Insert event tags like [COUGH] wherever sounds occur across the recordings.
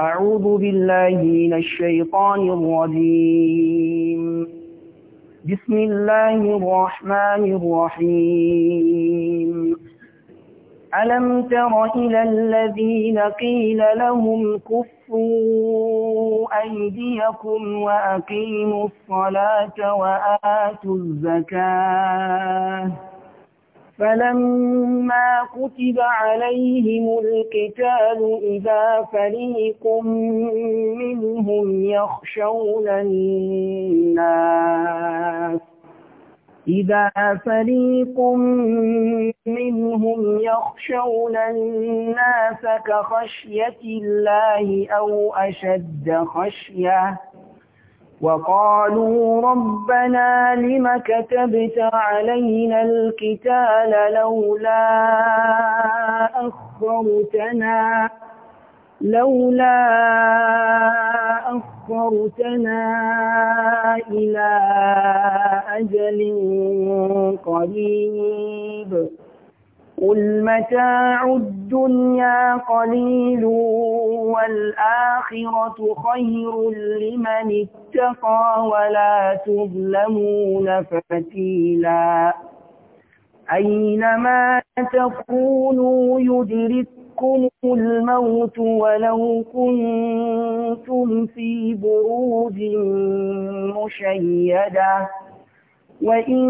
أعوذ بالله من الشيطان الرجيم بسم الله الرحمن الرحيم ألم تر إلى الذين قيل لهم كفوا أيديكم وأقيموا الصلاة وآتوا الزكاة فلما كتب عليهم القتال إذا فريق منهم يخشون الناس إذا فريق منهم يخشون الناس كخشية الله أو أشد خشية وقالوا ربنا لم كتبت علينا الكتاب لولا أخرتنا لولا أخرتنا إلى أجل قريب قل متاع الدنيا قليل والآخرة خير لمن اتقى ولا تظلمون فتيلا أينما تكونوا يدرككم الموت ولو كنتم في بروج مشيده وَإِن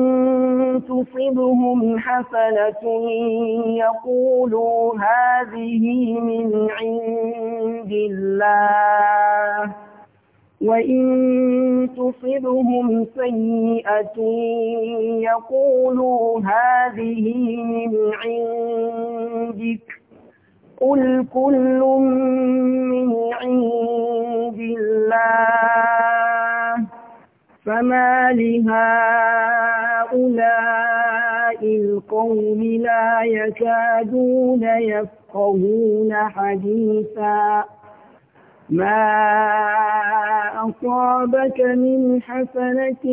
تُصِبْهُمْ حَسَنَةٌ يَقُولُوا هَذِهِ مِنْ عِندِ اللَّهِ وَإِن تُصِبْهُمْ سَيِّئَةٌ يَقُولُوا هَذِهِ مِنْ عِندِكَ قُلْ كُلٌّ مِنْ عِندِ اللَّهِ فما لهؤلاء القوم لا يكادون يفقهون حديثا ما أصابك من حسنة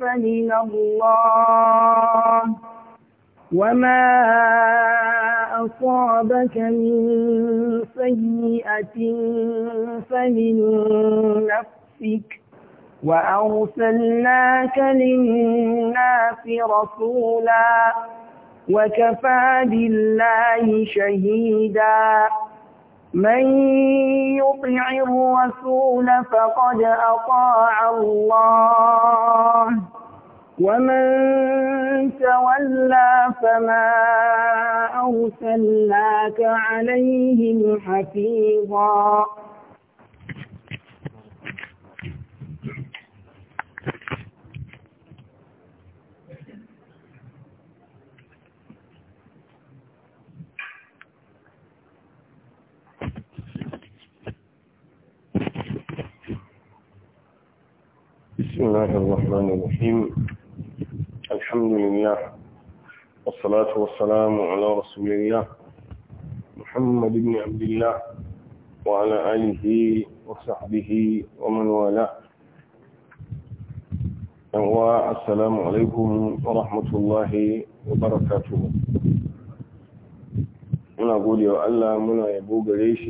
فمن الله وما أصابك من سيئة فمن نفسك وأرسلناك للناس رسولا وكفى بالله شهيدا من يطع الرسول فقد أطاع الله ومن تولى فما أرسلناك عليهم حفيظا بسم الله الرحمن الرحيم الحمد لله والصلاة والسلام على رسول الله محمد بن عبد الله وعلى آله وصحبه ومن والاه السلام عليكم ورحمة الله وبركاته أنا أقول يا الله منا yabo ليش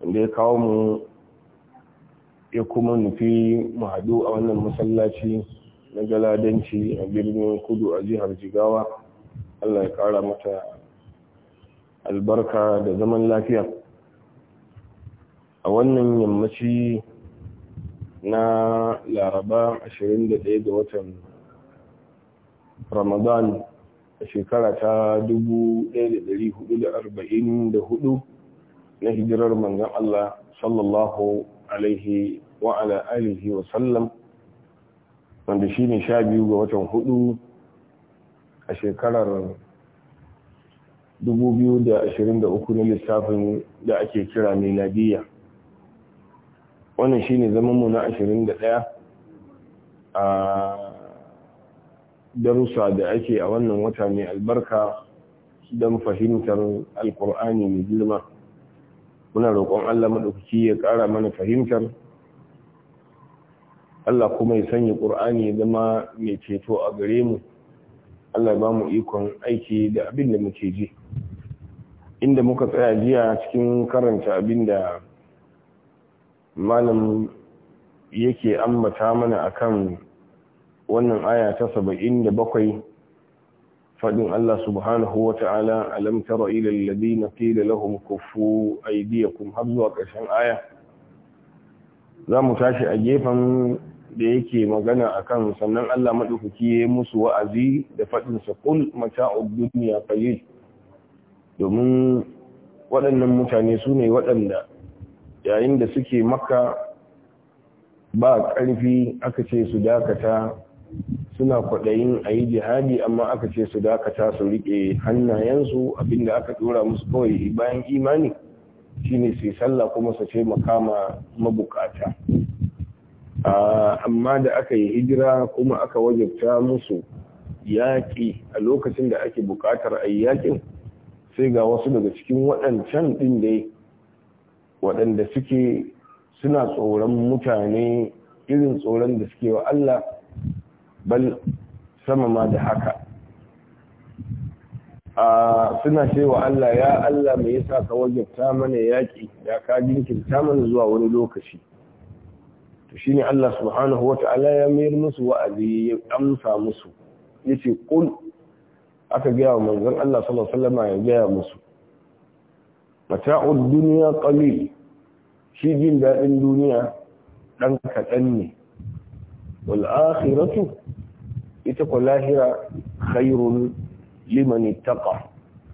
shi ya kuma nufi mu a wannan masallaci na galadanci a birnin kudu a jihar jigawa allah ya ƙara mata albarka da zaman lafiya a wannan yammaci na laraba 21 ga watan ramadan a shekara ta 1444 na hijirar manzan allah sallallahu alaihi wa ala alihi wa sallam wanda shi ne sha biyu ga watan hudu a shekarar 2023 na lissafin da ake kira miladiya wannan shi ne zamanmu na 21 a darussa da ake a wannan wata mai albarka don fahimtar alkur'ani mai girma muna roƙon Allah maɗaukaki ya ƙara mana fahimtar Allah kuma ya sanya ƙur'ani zama mai ceto a gare mu Allah ba mu ikon aiki da abin da muke ji inda muka tsaya jiya cikin karanta abin da malam yake ambata mana akan wannan aya ta saba'in da bakwai فدن الله سبحانه alamtara ilalladi na إلى الذين قيل لهم كفوا har zuwa ƙarshen aya. za mu tashi a gefen da yake magana a kan sannan Allah maɗaukaki ya musu wa'azi da faɗinsa kul mata'ud duniya qalil domin waɗannan mutane su ne waɗanda yayin da suke maka ba ƙarfi aka ce su dakata suna kwaɗayin a yi jihadi amma aka ce su dakata su riƙe hannayensu abinda aka ɗora musu kawai bayan imani shine su yi sallah kuma su ce makama mabukata amma da aka yi hijira kuma aka wajabta musu yaƙi a lokacin da ake buƙatar a yi yaƙin sai ga wasu daga cikin waɗancan ɗin dai waɗanda suke suna tsoron mutane irin tsoron da suke wa Allah bal sama ma da haka a suna cewa Allah ya Allah mai yasa ka wajabta mana yaki, da ka jinkirta mana zuwa wani lokaci to shine Allah subhanahu wata'ala ya mayar musu wa'azi ya amsa musu yace qul aka gaya wa manzon Allah sallallahu alaihi wasallam ya gaya musu mata'ud dunya qalil shi jin dadin duniya dan kadan ne wal akhiratu ita ku lahira khairun liman ittaqa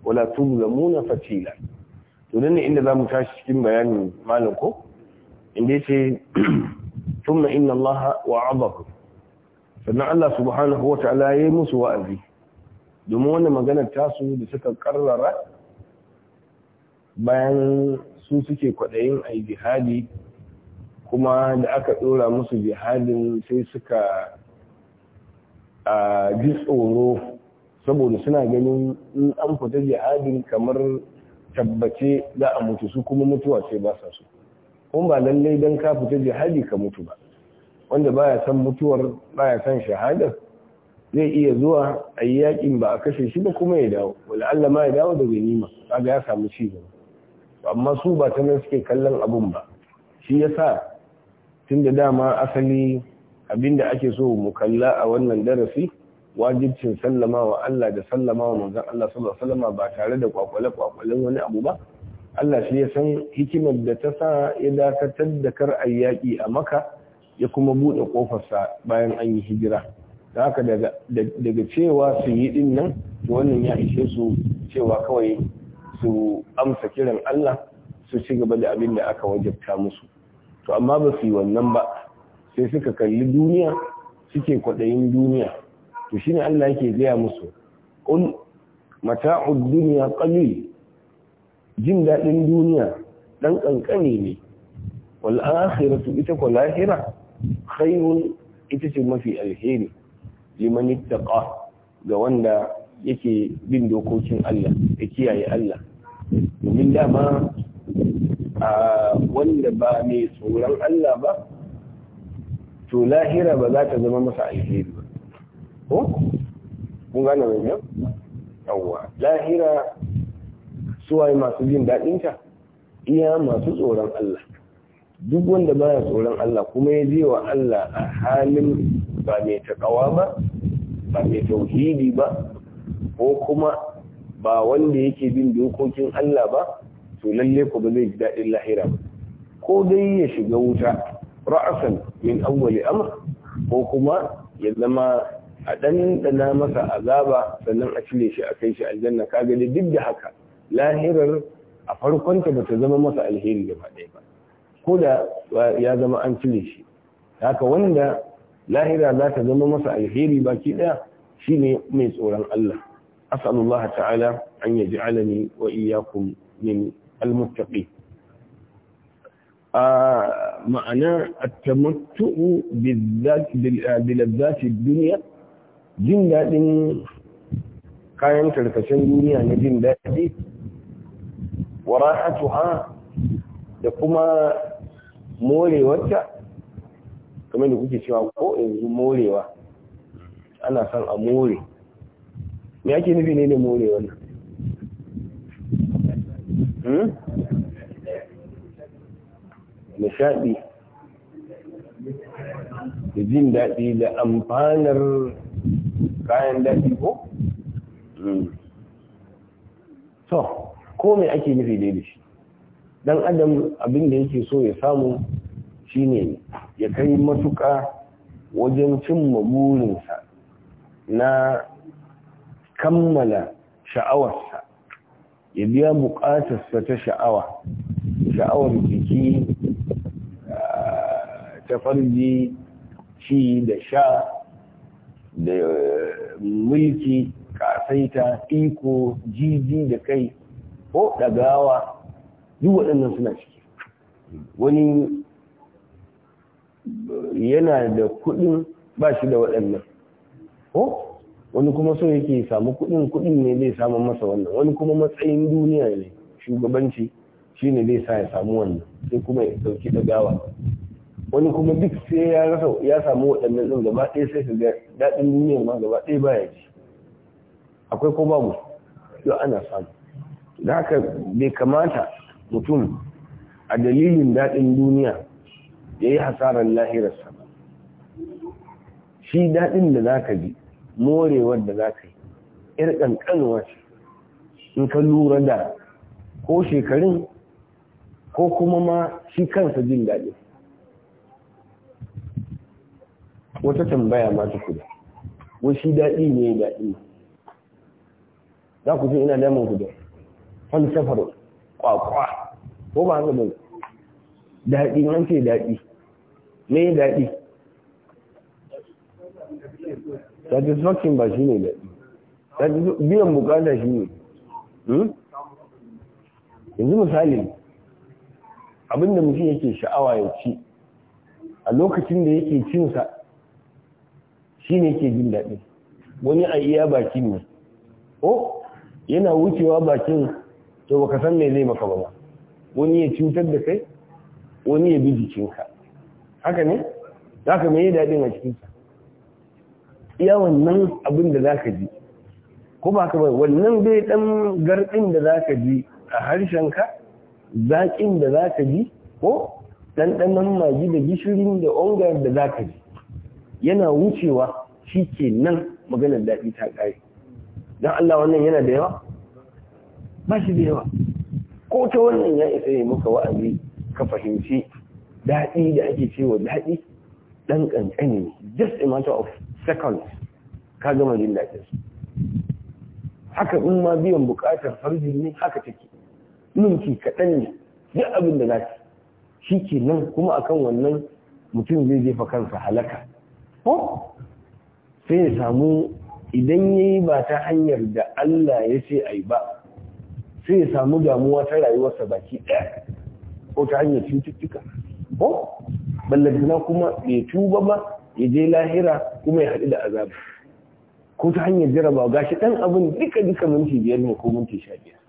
wala tuzlamuna fatila to nan ne inda zamu tashi cikin bayanin malam ko inda yace thumma inna Allah wa'adahu sannan Allah subhanahu wa ta'ala musu wa'azi domin wannan maganar tasu da suka karrara bayan su suke kwaɗayin a jihadi kuma da aka ɗora musu jihadin sai suka a ji tsoro saboda suna ganin in an fita jihadin kamar tabbace za a mutu su kuma mutuwa sai ba sa su kuma ba lallai don ka fita jihadi ka mutu ba wanda baya san mutuwar baya san shahadar zai iya zuwa a yi yakin ba a kashe shi ba kuma ya dawo wala Allah ma ya dawo da ganima kaga ya samu ci gaba amma su ba ta nan suke kallon abun ba shi yasa tun da dama asali Abin da ake so mu kalla a wannan darasi wajibcin sallama wa Allah da sallama wa manzon Allah sallallahu alaihi wasallam ba tare da kwakwale kwakwalen wani abu ba Allah shi ya san hikimar da ta sa ya dakatar da kar ayyaki a Makka ya kuma bude sa bayan an yi hijira da haka daga cewa su yi din nan wannan ya ishe su cewa kawai su amsa kiran Allah su ci gaba da abin da aka wajabta musu to amma ba su yi wannan ba sai suka kalli duniya suke kwaɗayin duniya to shine Allah yake gaya musu qul mata'ud dunya qalil jin daɗin duniya ɗan ƙanƙani ne wal akhiratu ita ko lahira khairun ita ce mafi alheri liman ittaqa ga wanda yake bin dokokin Allah ya kiyaye Allah domin dama a wanda ba mai tsoron Allah ba to lahira ba za ta zama masa alheri ba ko kun gane mai yau yawwa lahira suwaye masu jin daɗinta iya masu tsoron Allah duk wanda ba ya tsoron Allah kuma ya je wa Allah a halin ba mai taƙawa ba ba mai tauhidi ba ko kuma ba wanda yake bin dokokin Allah ba to lalle ku ba zai ji daɗin lahira ba ko dai ya shiga wuta ra'asan min awwali amr ko kuma ya zama a ɗanɗana masa azaba sannan a cile shi a kai shi aljanna kaga da duk da haka lahirar a farkonta ta bata zama masa alheri gaba ɗaya ba ko da ya zama an cile shi haka wanda lahira za ta zama masa alheri baki ɗaya shine mai tsoron Allah asalullah ta'ala an yaj'alani wa iyyakum min almuttaqin ma'ana at-tamattu bilazzati duniya jin daɗin kayan karkashin duniya na jin daɗi wara'atuha da kuma morewarta kamar da kuke cewa ko yanzu morewa ana son a more me ake nufi ne da more nan? nishaɗi da jin daɗi da amfanar kayan daɗi ko? so mm. ko mai ake nufi dai da shi dan adam abin da yake so ya samu shine ya kai matuƙa wajen cimma burinsa na kammala sha'awarsa ya biya buƙatarsa ta sha'awa sha'awar jiki Tafarji, ci da sha da eh, mulki kasaita iko jiji da kai ko Dagawa duk waɗannan suna ciki wani yana da kuɗin ba shi da waɗannan ko wani kuma so yake samu kuɗin kuɗin ne zai samu masa wannan wani kuma matsayin duniya ne shugabanci shine zai sa ya samu wannan sai kuma ya ɗauki dagawa wani kuma duk sai ya rasa ya samu waɗannan ɗin gaba ɗaya sai ka ga daɗin duniyar ma gaba ɗaya baya ji akwai ko babu yau ana samu da haka bai kamata mutum a dalilin daɗin duniya ya yi hasarar lahirarsa ba shi daɗin da za ka ji morewar da za ka yi ƴar ƙanƙanuwa ce in ka lura da ko shekarun ko kuma ma shi kansa jin daɗi. wata tambaya ma ta kuda wasu shi daɗi ne daɗi za ku ce ina damun ku da falsafar kwakwa ko ba haka bai daɗi an ce daɗi me daɗi satisfaction ba shi ne daɗi biyan bukata shi ne hmm? yanzu misali abinda mutum yake sha'awa ya ci a lokacin da yake cinsa shi ne ke jin daɗi wani a iya baki ne o oh, yana wucewa bakin to baka san me zai maka ba ba? wani ya cutar da kai wani ya bi jikinka haka ne za ka mai daɗin a cikinka iya wannan abin da za ka ji ko ba ka bai wannan bai ɗan garɗin da za ka ji a harshenka zaƙin da za ka ji ko ɗanɗanon maji da gishirin da ongar da za ka ji yana wucewa shi ke nan maganar daɗi ta ƙari don Allah wannan yana da yawa ba shi da yawa ko ta wannan ya isa yi muka wa'azi ka fahimci daɗi da ake cewa daɗi ɗan ƙanƙani ne just a matter of seconds ka gama jin daɗin su haka in ma biyan buƙatar farji ne haka take ninki kaɗan ne duk abin da za shi ke nan kuma akan wannan mutum zai jefa kansa halaka ko sai ya samu idan ya yi ba ta hanyar da Allah ya ce a yi ba sai ya samu damuwa ta rayuwarsa baki ɗaya ko ta hanyar cututtuka ko ballantana kuma ya tuba ba ya je lahira kuma ya haɗu da azabu ko ta hanyar jaraba gashi ɗan abin duka duka minti biyar ne ko minti sha biyar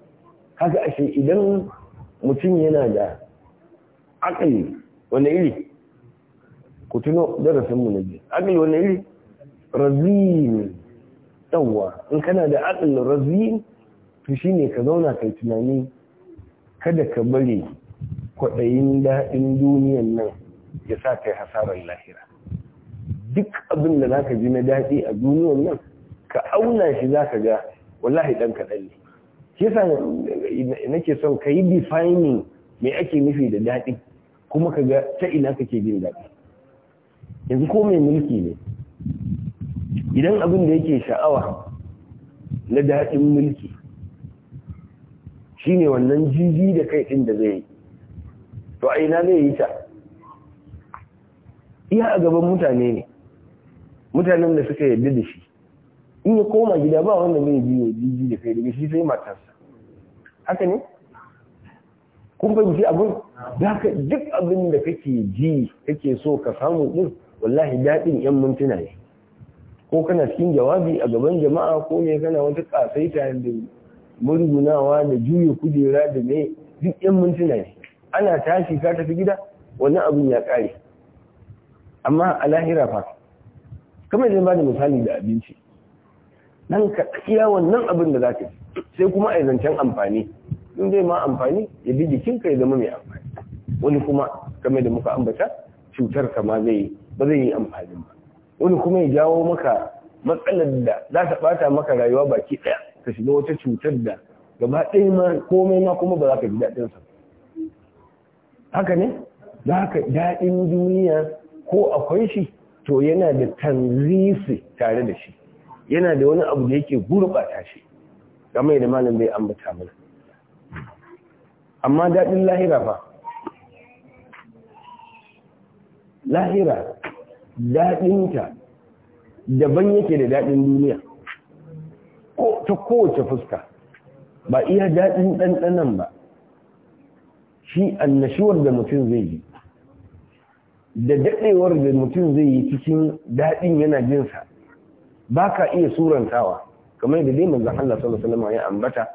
haka ashe idan mutum yana da akali wani iri ku tuno darasinmu na biyu aql wani iri razin yawwa in kana da aql razin to shine ka zauna kai tunani kada ka bari kwaɗayin daɗin duniyan nan ya sa kai hasarar lahira duk abin da zaka ji na daɗi a duniyan nan ka auna shi zaka ga wallahi ɗan kaɗan ne shi yasa nake son ka yi defining me ake nufi da daɗi kuma ka ga ta ina kake jin daɗi yanzu ko mai mulki ne idan abin da yake sha'awa na daɗin mulki shine wannan jiji da kai ɗin da zai yi to a ina zai yi ta iya a gaban mutane ne mutanen da suka yarda da shi in ya koma gida ba wanda zai biyo jiji da kai daga shi sai matarsa haka ne kun fahimci abin da duk abin da kake ji kake so ka samu din wallahi daɗin yan mintuna ne ko kana cikin jawabi a gaban jama'a ko ne kana wata tare da murgunawa da juya kujera da me duk yan mintuna ne ana tashi ka tafi gida wannan abin ya ƙare amma a lahira fa kamar zai ba da misali da abinci nan ka iya wannan abin da za ka sai kuma a zancen amfani in zai ma amfani ya bi jikinka ya zama mai amfani wani kuma kamar da muka ambata cutar kama zai yi. ba zai yi amfani ba wani kuma ya jawo maka matsalar da za ta bata maka rayuwa baki ɗaya ka shiga wata cutar da gaba ɗaya ma komai ma kuma ba za ka ji daɗin sa haka ne za ka daɗin duniya ko akwai shi to yana da tanzisi tare da shi yana da wani abu da yake gurɓata shi game da malam bai ambata mana amma daɗin lahira fa lahira daɗinta daban yake da daɗin duniya ta kowace fuska ba iya daɗin ɗanɗanan ba shi annashuwar da mutum zai yi da daɗewar da mutum zai yi cikin daɗin yana jinsa ba ka iya surantawa kamar da dai manzan Allah sallallahu alaihi wasallam ya ambata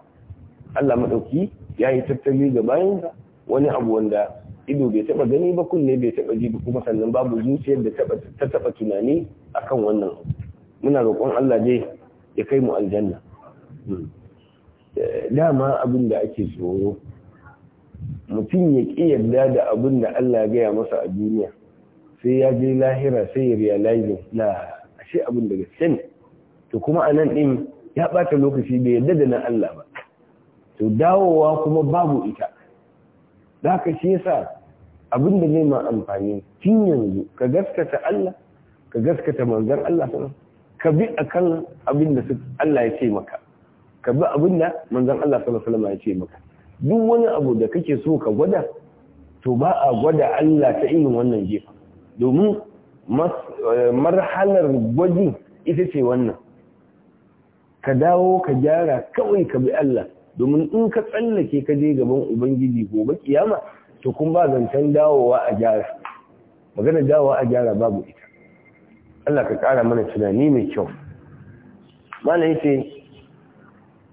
Allah maɗauki ya yi tattali ga bayansa wani abu wanda ido bai taba gani ba kunne bai taba ji kuma sannan babu zuciyar da ta taba tunani akan wannan muna roƙon Allah dai ya kai mu aljanna hmm. dama abin da ake tsoro mutum ya ƙi yarda da abin da Allah ya gaya masa a duniya sai ya je lahira sai ya realize na ashe abin da gaske ne to kuma a nan ɗin ya ɓata lokaci bai yarda da na Allah ba to dawowa kuma babu ita da haka shi yasa abin da nema amfani tun yanzu ka gaskata Allah ka gaskata manzon Allah ka bi akan abin da Allah ya ce maka ka bi abin da manzon Allah sallallahu alaihi ya ce maka duk wani abu da kake so ka gwada to ba a gwada Allah ta irin wannan gefa domin marhalar gwajin ita ce wannan ka dawo ka gyara kawai ka bi Allah domin in ka tsallake ka je gaban ubangiji gobe kiyama to kun ba zancen dawowa a gyara magana dawowa a gyara babu ita Allah ka kara mana tunani mai kyau malai yace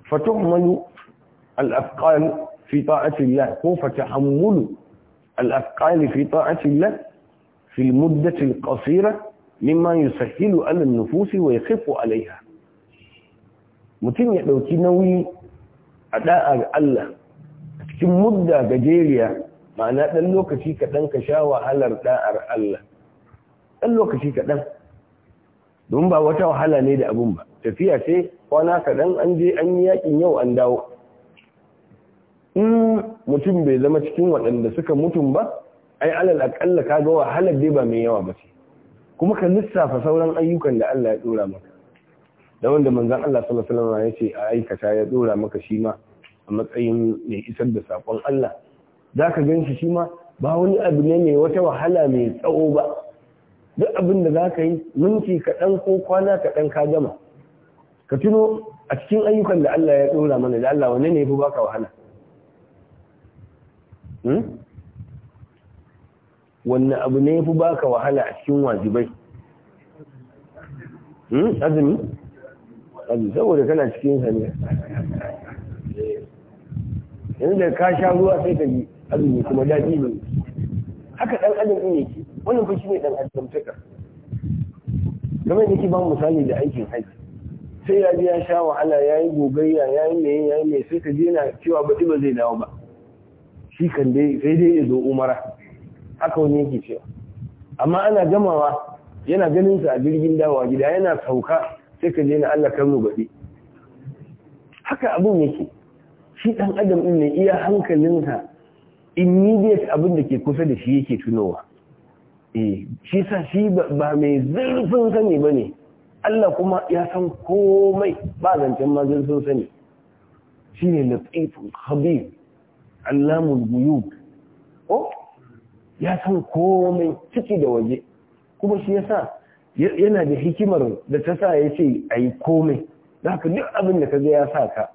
fatuhmalu al-afqal fi ta'ati Allah ko fatahammulu al-afqal fi ta'ati Allah fi al-muddati al-qasira mimma yusahhilu ala an-nufus wa yakhifu 'alayha mutum ya dauki nauyi a da'a ga Allah cikin mudda gajeriya ma'ana ɗan lokaci kaɗan ka sha wahalar da'ar Allah ɗan lokaci kaɗan don ba wata wahala ne da abin ba tafiya sai, kwana kaɗan an je an yi yakin yau an dawo in mutum bai zama cikin waɗanda suka mutum ba ai alal aƙalla ka ga wahalar dai ba mai yawa ba ce kuma ka lissafa sauran ayyukan da Allah ya ɗora maka da wanda manzan Allah sallallahu alaihi wasallam ya ce a aikata ya dora maka shi ma a matsayin mai isar da sakon Allah zaka ganshi shi ma ba wani abu ne mai wata wahala mai tsawo ba duk abin da zaka yi minti kaɗan ko kwana kaɗan ka gama ka tuno a cikin ayyukan da Allah ya dora mana da Allah wanne ne ya fi baka wahala hmm? wanne abu ne ya fi baka wahala a cikin wajibai hmm? azumi ƙabi saboda kana cikin hanya yanzu da ka sha ruwa sai ka yi azumi kuma daɗi ne haka ɗan adam ɗin yake wannan fushi ne ɗan adam taka game da ke ba misali da aikin haji sai ya ji ya sha wahala ya yi gogayya ya yi mai ya yi mai sai ka ji, yana cewa baɗi ba zai dawo ba shi kan dai sai dai ya zo umara haka wani yake cewa amma ana gamawa yana ganin sa a jirgin dawowa gida yana sauka sai ka je na Allah kan rubaɗe haka abin yake shi ɗan adam ɗin ne iya hankalinsa immediate abin da ke kusa da shi yake tunowa eh shi sa shi ba mai zurfin sani ba ne Allah kuma ya san komai ba zancen ma zurfin sani shi ne latifun khabir allamul guyub oh ya san komai ciki da waje kuma shi yasa yana da hikimar da ta sa ya ce a yi komai za ka duk abin da ka ga ya sa ka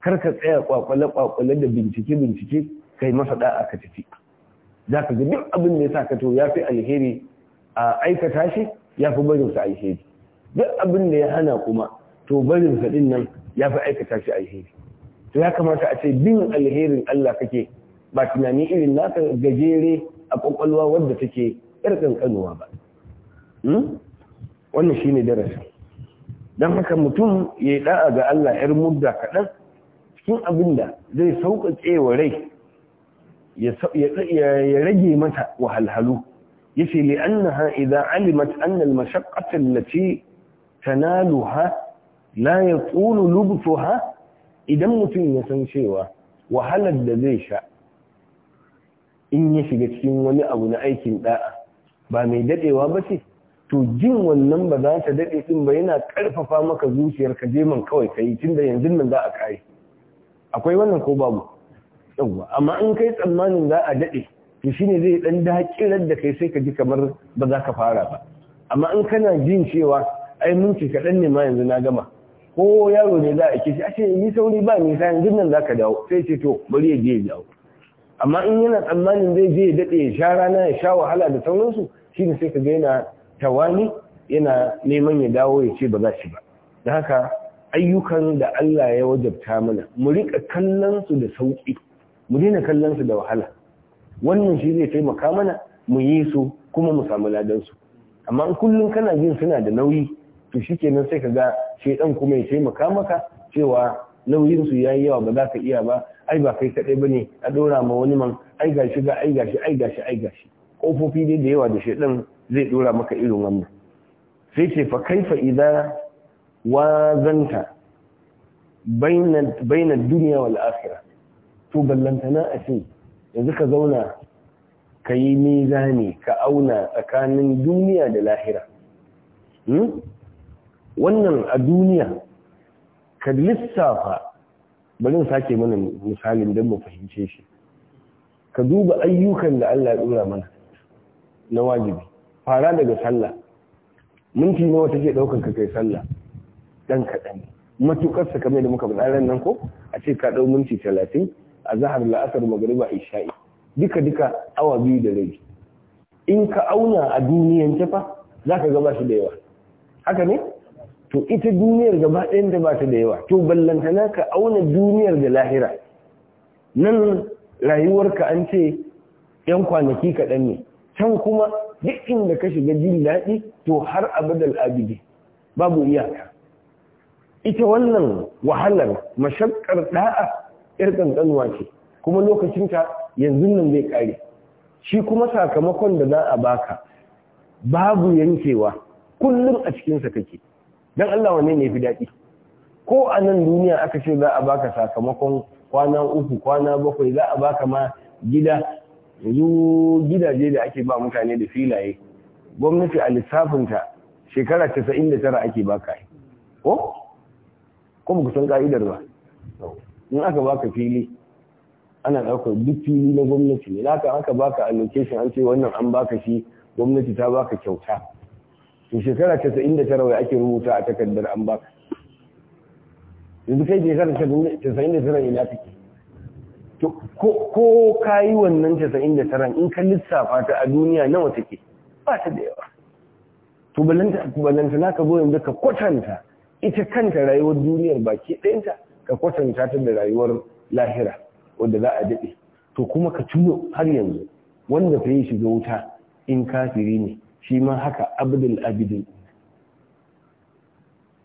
karka tsaya kwakwale-kwakwale da bincike-bincike kai masa da'a ka tafi za ka ga duk abin da ya sa ka to ya fi alheri a aikata shi ya fi barinsa alheri duk abin da ya hana kuma to sa din nan ya fi aikata shi alheri to ya kamata a ce bin alherin Allah kake ba tunani irin naka gajere a kwakwalwa wadda take yar kankanuwa ba hmm? wannan shine darasi Dan haka mutum ya yi da'a ga Allah ‘yar mudda kaɗan cikin abin da zai sauƙaƙe wa rai ya rage mata wahalhalu ya ce annaha idan alimat al-mashaqqata allati tanaluha la ya tsoro idan mutum ya san cewa wahalar da zai sha in ya shiga cikin wani abu na aikin da'a ba mai daɗewa ba ce to jin wannan ba za ta daɗe ɗin ba yana ƙarfafa maka zuciyar ka je man kawai ka yi tun da yanzu nan za a kayi akwai wannan ko babu yawwa amma in kai tsammanin za a daɗe to shine zai ɗan daƙirar da kai sai ka ji kamar ba za ka fara ba amma in kana jin cewa ai minti kaɗan ne ma yanzu na gama ko yaro ne za a kishi a ce ni sauri ba nisa yanzu nan za ka dawo sai ce to bari ya je ya dawo amma in yana tsammanin zai je ya daɗe ya sha rana ya sha wahala da sauransu shine sai ka ga yana tawani yana neman ya dawo ya ce ba za shi ba da haka ayyukan da Allah ya wajabta mana mu rika kallon su da sauki mu daina kallon su da wahala wannan shi zai taimaka mana mu yi su kuma mu samu ladan su amma in kullum kana jin suna da nauyi to shi shikenan sai ka ga shedan kuma ya taimaka maka cewa nauyinsu su yayi yawa ba za ka iya ba ai ba kai kaɗai ba ne a dora ma wani man ai gashi ga ai gashi ai gashi ai gashi kofofi dai da yawa da shedan zai dora maka irin wannan sai ce fa kaifa idza wazanta baina baina dunya wal akhirah to ballantana a ce yanzu ka zauna ka yi mizani ka auna tsakanin duniya da lahira hmm? wannan a duniya ka lissafa bari sake mana misalin don mu fahimce shi ka duba ayyukan da Allah ya dora mana na wajibi fara daga sallah minti nawa take ɗaukar ka kai sallah dan kaɗan matukar sa kamar da muka faɗa nan ko a ce ka ɗau minti talatin a zahar la'asar magariba isha'i duka duka awa biyu da rabi in ka auna a duniyan ta fa za ka ba shi da yawa haka ne to ita duniyar gaba ɗayan da ba ta da yawa to ballantana ka auna duniyar da lahira nan rayuwarka an ce yan kwanaki kaɗan ne can kuma duk inda ka shiga jin daɗi to har abadal abidi babu iyaka ita wannan wahalar mashakkar da'a ƴar ƙanƙanuwa ce kuma lokacinta yanzu nan zai ƙare. shi kuma sakamakon da za a baka babu yankewa kullum a cikinsa kake don Allah wane ne fi daɗi ko a nan duniya aka ce za a baka sakamakon kwana uku kwana bakwai za a baka ma gida yanzu gidaje da ake ba mutane da filaye gwamnati a lissafinta shekara casa'in da tara ake baka ko ko ba san ka'idar ba in aka baka fili ana ɗaukar duk fili na gwamnati ne haka aka baka allocation an ce wannan an baka shi gwamnati ta baka kyauta to shekara casa'in da tara wai ake rubuta a takardar an baka yanzu kai shekara casa'in da tara ina take ko ka yi wannan 99 in ka lissafa ta a duniya nawa take ba ta da yawa to balanta na ka zo yanzu ka kwatanta ita kanta rayuwar duniyar baki ɗayanta ka kwatanta ta da rayuwar lahira wadda za a daɗe to kuma ka tuno har yanzu wanda ka yi shiga wuta in kafiri ne shi ma haka abdul abidin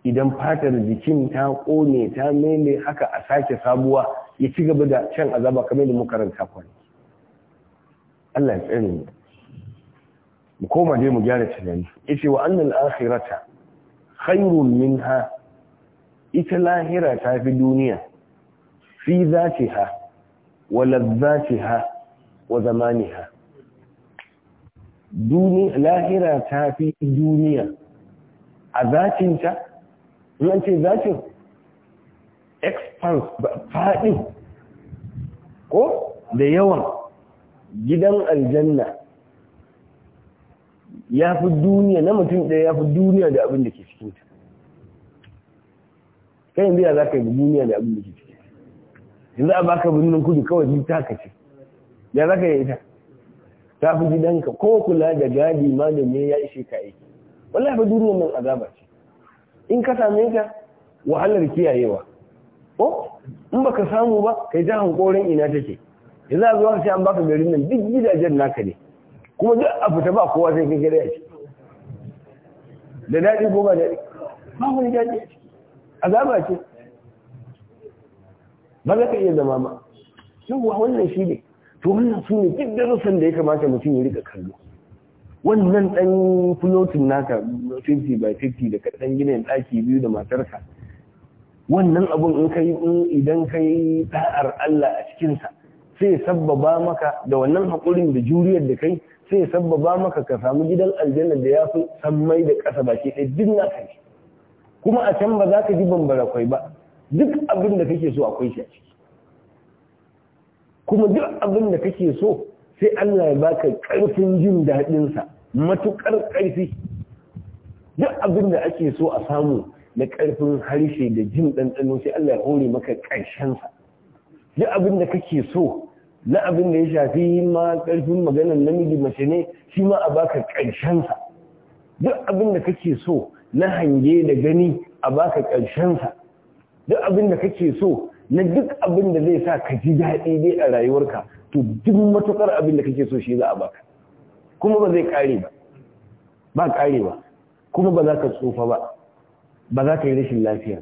idan fatar jikin ta ƙone ta mele haka a sake sabuwa ya ci gaba da can azaba kamar da makaranta kwanaki Allah ya tsere mu mu koma dai mu gyara tunani yace wa annal akhirata khairun minha ita lahira ta fi duniya fi zatiha wa ladzatiha wa zamaniha duni lahira ta fi duniya a zatinta in ce zatin expanse faɗin ko da yawan gidan aljanna ya fi duniya na mutum ɗaya ya fi duniya da abin da ke cikin ta kai yanzu ya za ka yi duniya da abin da ke cikin yanzu a baka birnin kudu kawai duk taka ce ya za ka yi ita ta fi gidanka ko kula da gadi ma da ne ya ishe ka aiki wallahi fa duniyar nan azaba ce in ka same ka wahalar kiyayewa ko in baka samu ba kai ta hankorin ina take yanzu a zuwa sai an baka garin nan duk gidajen naka ne kuma duk a fita ba kowa sai kai gare a ciki da daɗi ko ba daɗi ba wani daɗi a ciki ce ba za ka iya zama ba wa wannan shi ne to wannan su ne duk darussan da ya kamata mutum ya rika kallo wannan ɗan fulotin naka 50 by 50 da kaɗan ginin ɗaki biyu da matarka wannan abun in kai idan kai da'ar Allah a cikinsa sai sabbaba maka da wannan haƙurin da juriyar da kai sai sabbaba maka ka samu gidan aljanna da ya fi sammai da ƙasa baki ɗaya duk na kai kuma a can ba za ka ji bambara kwai ba duk abin da kake so akwai shi a ciki kuma duk abin da kake so sai Allah ya baka ƙarfin jin daɗinsa matuƙar ƙarfi duk abin da ake so a samu na ƙarfin harshe da jin ɗanɗano sai Allah ya hore maka ƙarshensa duk abin da kake so na abin da ya shafi ma ƙarfin maganar namiji mace ne shi ma a baka ƙarshensa duk abin da kake so na hange da gani a baka ƙarshensa duk abin da kake so na duk abin da zai sa ka ji daɗi dai a rayuwarka to duk matuƙar abin da kake so shi za a baka kuma ba zai ƙare ba ba ƙare ba kuma ba za ka tsufa ba ba za ka yi rashin lafiya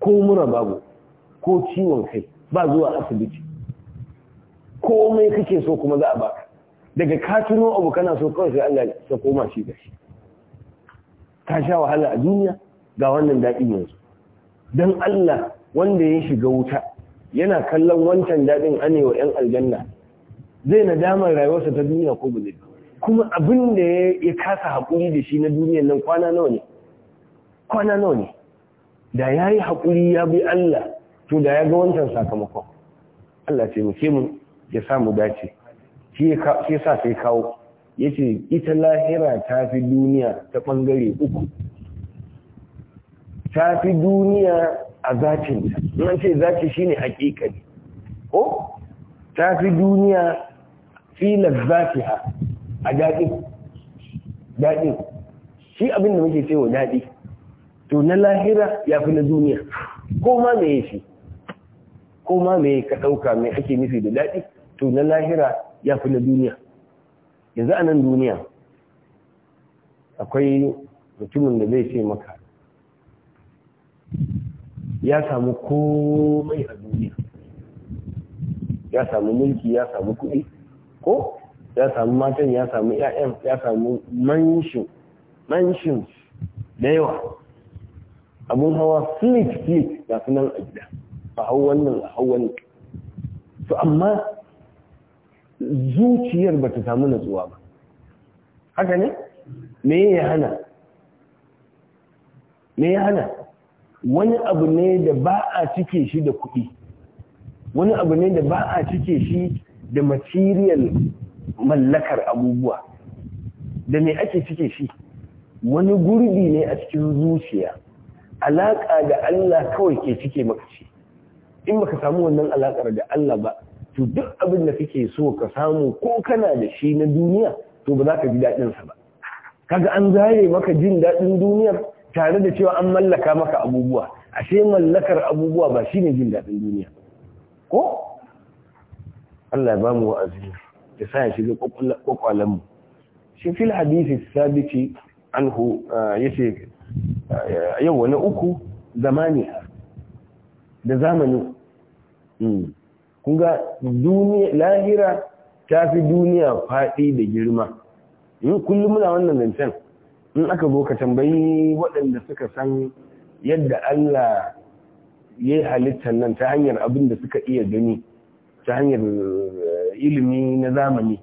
ko mura babu ko ciwon kai ba zuwa asibiti komai kake so kuma za a baka daga katino abu kana so kawai sai Allah ya koma shi da shi ka sha wahala a duniya ga wannan daɗi yanzu don Allah wanda ya shiga wuta yana kallon wancan daɗin anewa 'yan aljanna zai nadamar rayuwarsa ta duniya ko ba kuma abin da ya kasa hakuri da shi na duniyan nan kwana nawa ne kwana nawa ne da ya yi haƙuri ya bi Allah to da ya ga wancan sakamakon Allah ce muke mu ya samu dace shi ya sa sai kawo ya ce ita lahira ta fi duniya ta ɓangare uku ta fi duniya a zacin ta ce zaci shine hakikani ko ta fi duniya fi zafi a daɗi daɗi shi abinda da muke cewa daɗi to na lahira ya fi na duniya ko ma me ya fi ko ma me ka ɗauka me ake nufi da daɗi to na lahira ya fi na duniya yanzu a nan duniya akwai mutumin da zai ce maka ya samu komai a duniya ya samu mulki ya samu kuɗi ko ya samu matan ya samu 'ya'yan ya samu manshin manshin da yawa Abin hawa fleet fleet ga nan a gida a hau wannan a hau wannan to amma zuciyar ba ta samu natsuwa ba haka ne me ya hana me ya hana wani abu ne da ba a cike shi da kuɗi wani abu ne da ba a cike shi da material mallakar abubuwa da me ake cike shi wani gurbi ne a cikin zuciya alaƙa da Allah kawai ke cike maka shi? in baka samu wannan alaƙar da Allah ba to duk abin da kake so ka samu ko kana da shi na duniya to ba za ka ji sa ba kaga an zaye maka jin daɗin duniyar tare da cewa an mallaka maka abubuwa ashe mallakar abubuwa ba shine jin daɗin duniya ko Allah ya bamu wa'azi ya sa ya shiga kwakwalen mu shi fil hadisi sabiti anhu ah, yace yau wani uku zamani da zamani hmm. kunga lahira ta fi duniya faɗi da girma hmm, kullum muna wannan zancen in aka zo ka tambayi waɗanda suka san yadda Allah ya yi halittar nan ta hanyar abin da suka iya gani ta hanyar eh, ilimi na zamani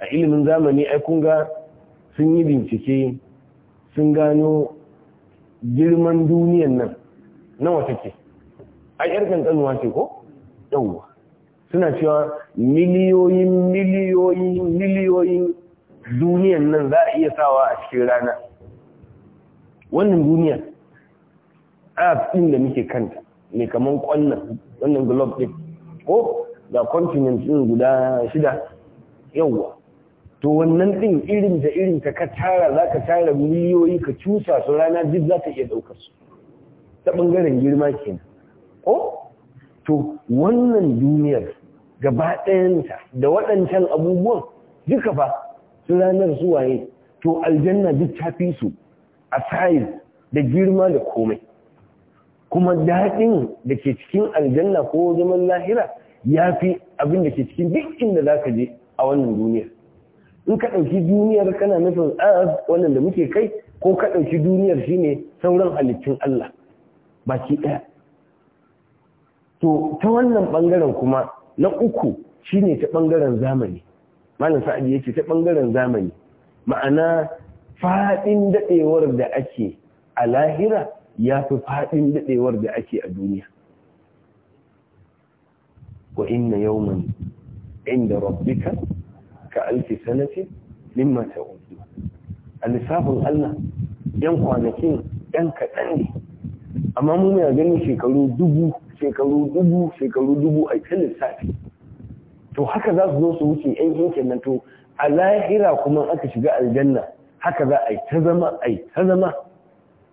a ilimin zamani ai kun sun yi bincike sun gano girman duniyan nan nawa take a yar kankanuwa ce ko yawwa suna cewa miliyoyin miliyoyin miliyoyin duniyan nan za a iya sawa a cikin rana wannan duniyan a din da muke kanta ne kamar kwallon wannan globe ko da continent guda shida yawwa to wannan ɗin irin da irin ta ka tara za ka tara miliyoyi ka cusa su rana duk za ta iya ɗaukar su ta ɓangaren girma kenan ko to wannan duniyar gaba ɗayanta da waɗancan abubuwan duka fa su ranar su waye to aljanna duk ta fi su a size da girma da komai kuma daɗin da ke cikin aljanna ko zaman lahira ya fi abin da ke cikin duk inda za ka je a wannan duniyar in ka ɗauki duniyar kana nufin as ah, wannan da muke kai ko ka ɗauki duniyar shine sauran halittun Allah baki ɗaya to ta wannan ɓangaren kuma na uku shi ne ta ɓangaren zamani malam sa'adi ce ta ɓangaren zamani ma'ana faɗin daɗewar da ake a lahira ya fi faɗin daɗewar da ake a duniya wa yau yawman inda rabbika ka alfi sanati mimma ta'udu a lissafin Allah yan kwanakin yan kaɗan ne amma mu mai ganin shekaru dubu shekaru dubu shekaru dubu a ta lissafi to haka za su zo su wuce yan yankin nan to a lahira kuma aka shiga aljanna haka za a yi ta zama a yi ta zama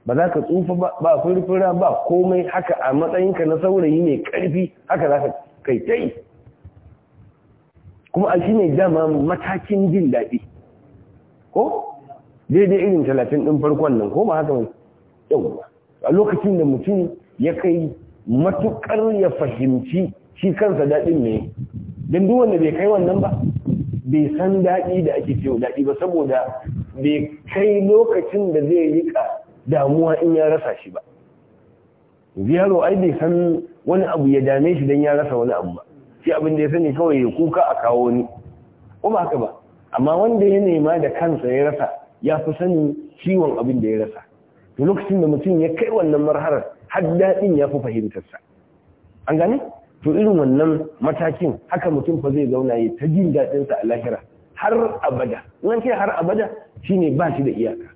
ba za ka tsufa ba furfura ba komai haka a matsayinka na saurayi mai karfi haka za ka kai kuma a shi ne dama matakin jin daɗi ko daidai irin talatin ɗin farkon nan ko ba haka mai yauwa a lokacin da mutum ya kai matuƙar ya fahimci shi kansa daɗin ne don duk wanda bai kai wannan ba bai san daɗi da ake ciwo daɗi ba saboda bai kai lokacin da zai riƙa damuwa in ya rasa shi ba yaro ai bai san wani abu ya dame shi don ya rasa wani abu ba shi abin da ya sani kawai ya kuka a kawo ni ko ba haka ba amma wanda ya nema da kansa ya rasa ya fi sani ciwon abin da ya rasa to lokacin da mutum ya kai wannan marharar har daɗin ya fi fahimtarsa an gane to irin wannan matakin haka mutum fa zai zauna ya ta jin daɗin sa a lahira har abada in ce har abada shine ba shi da iyaka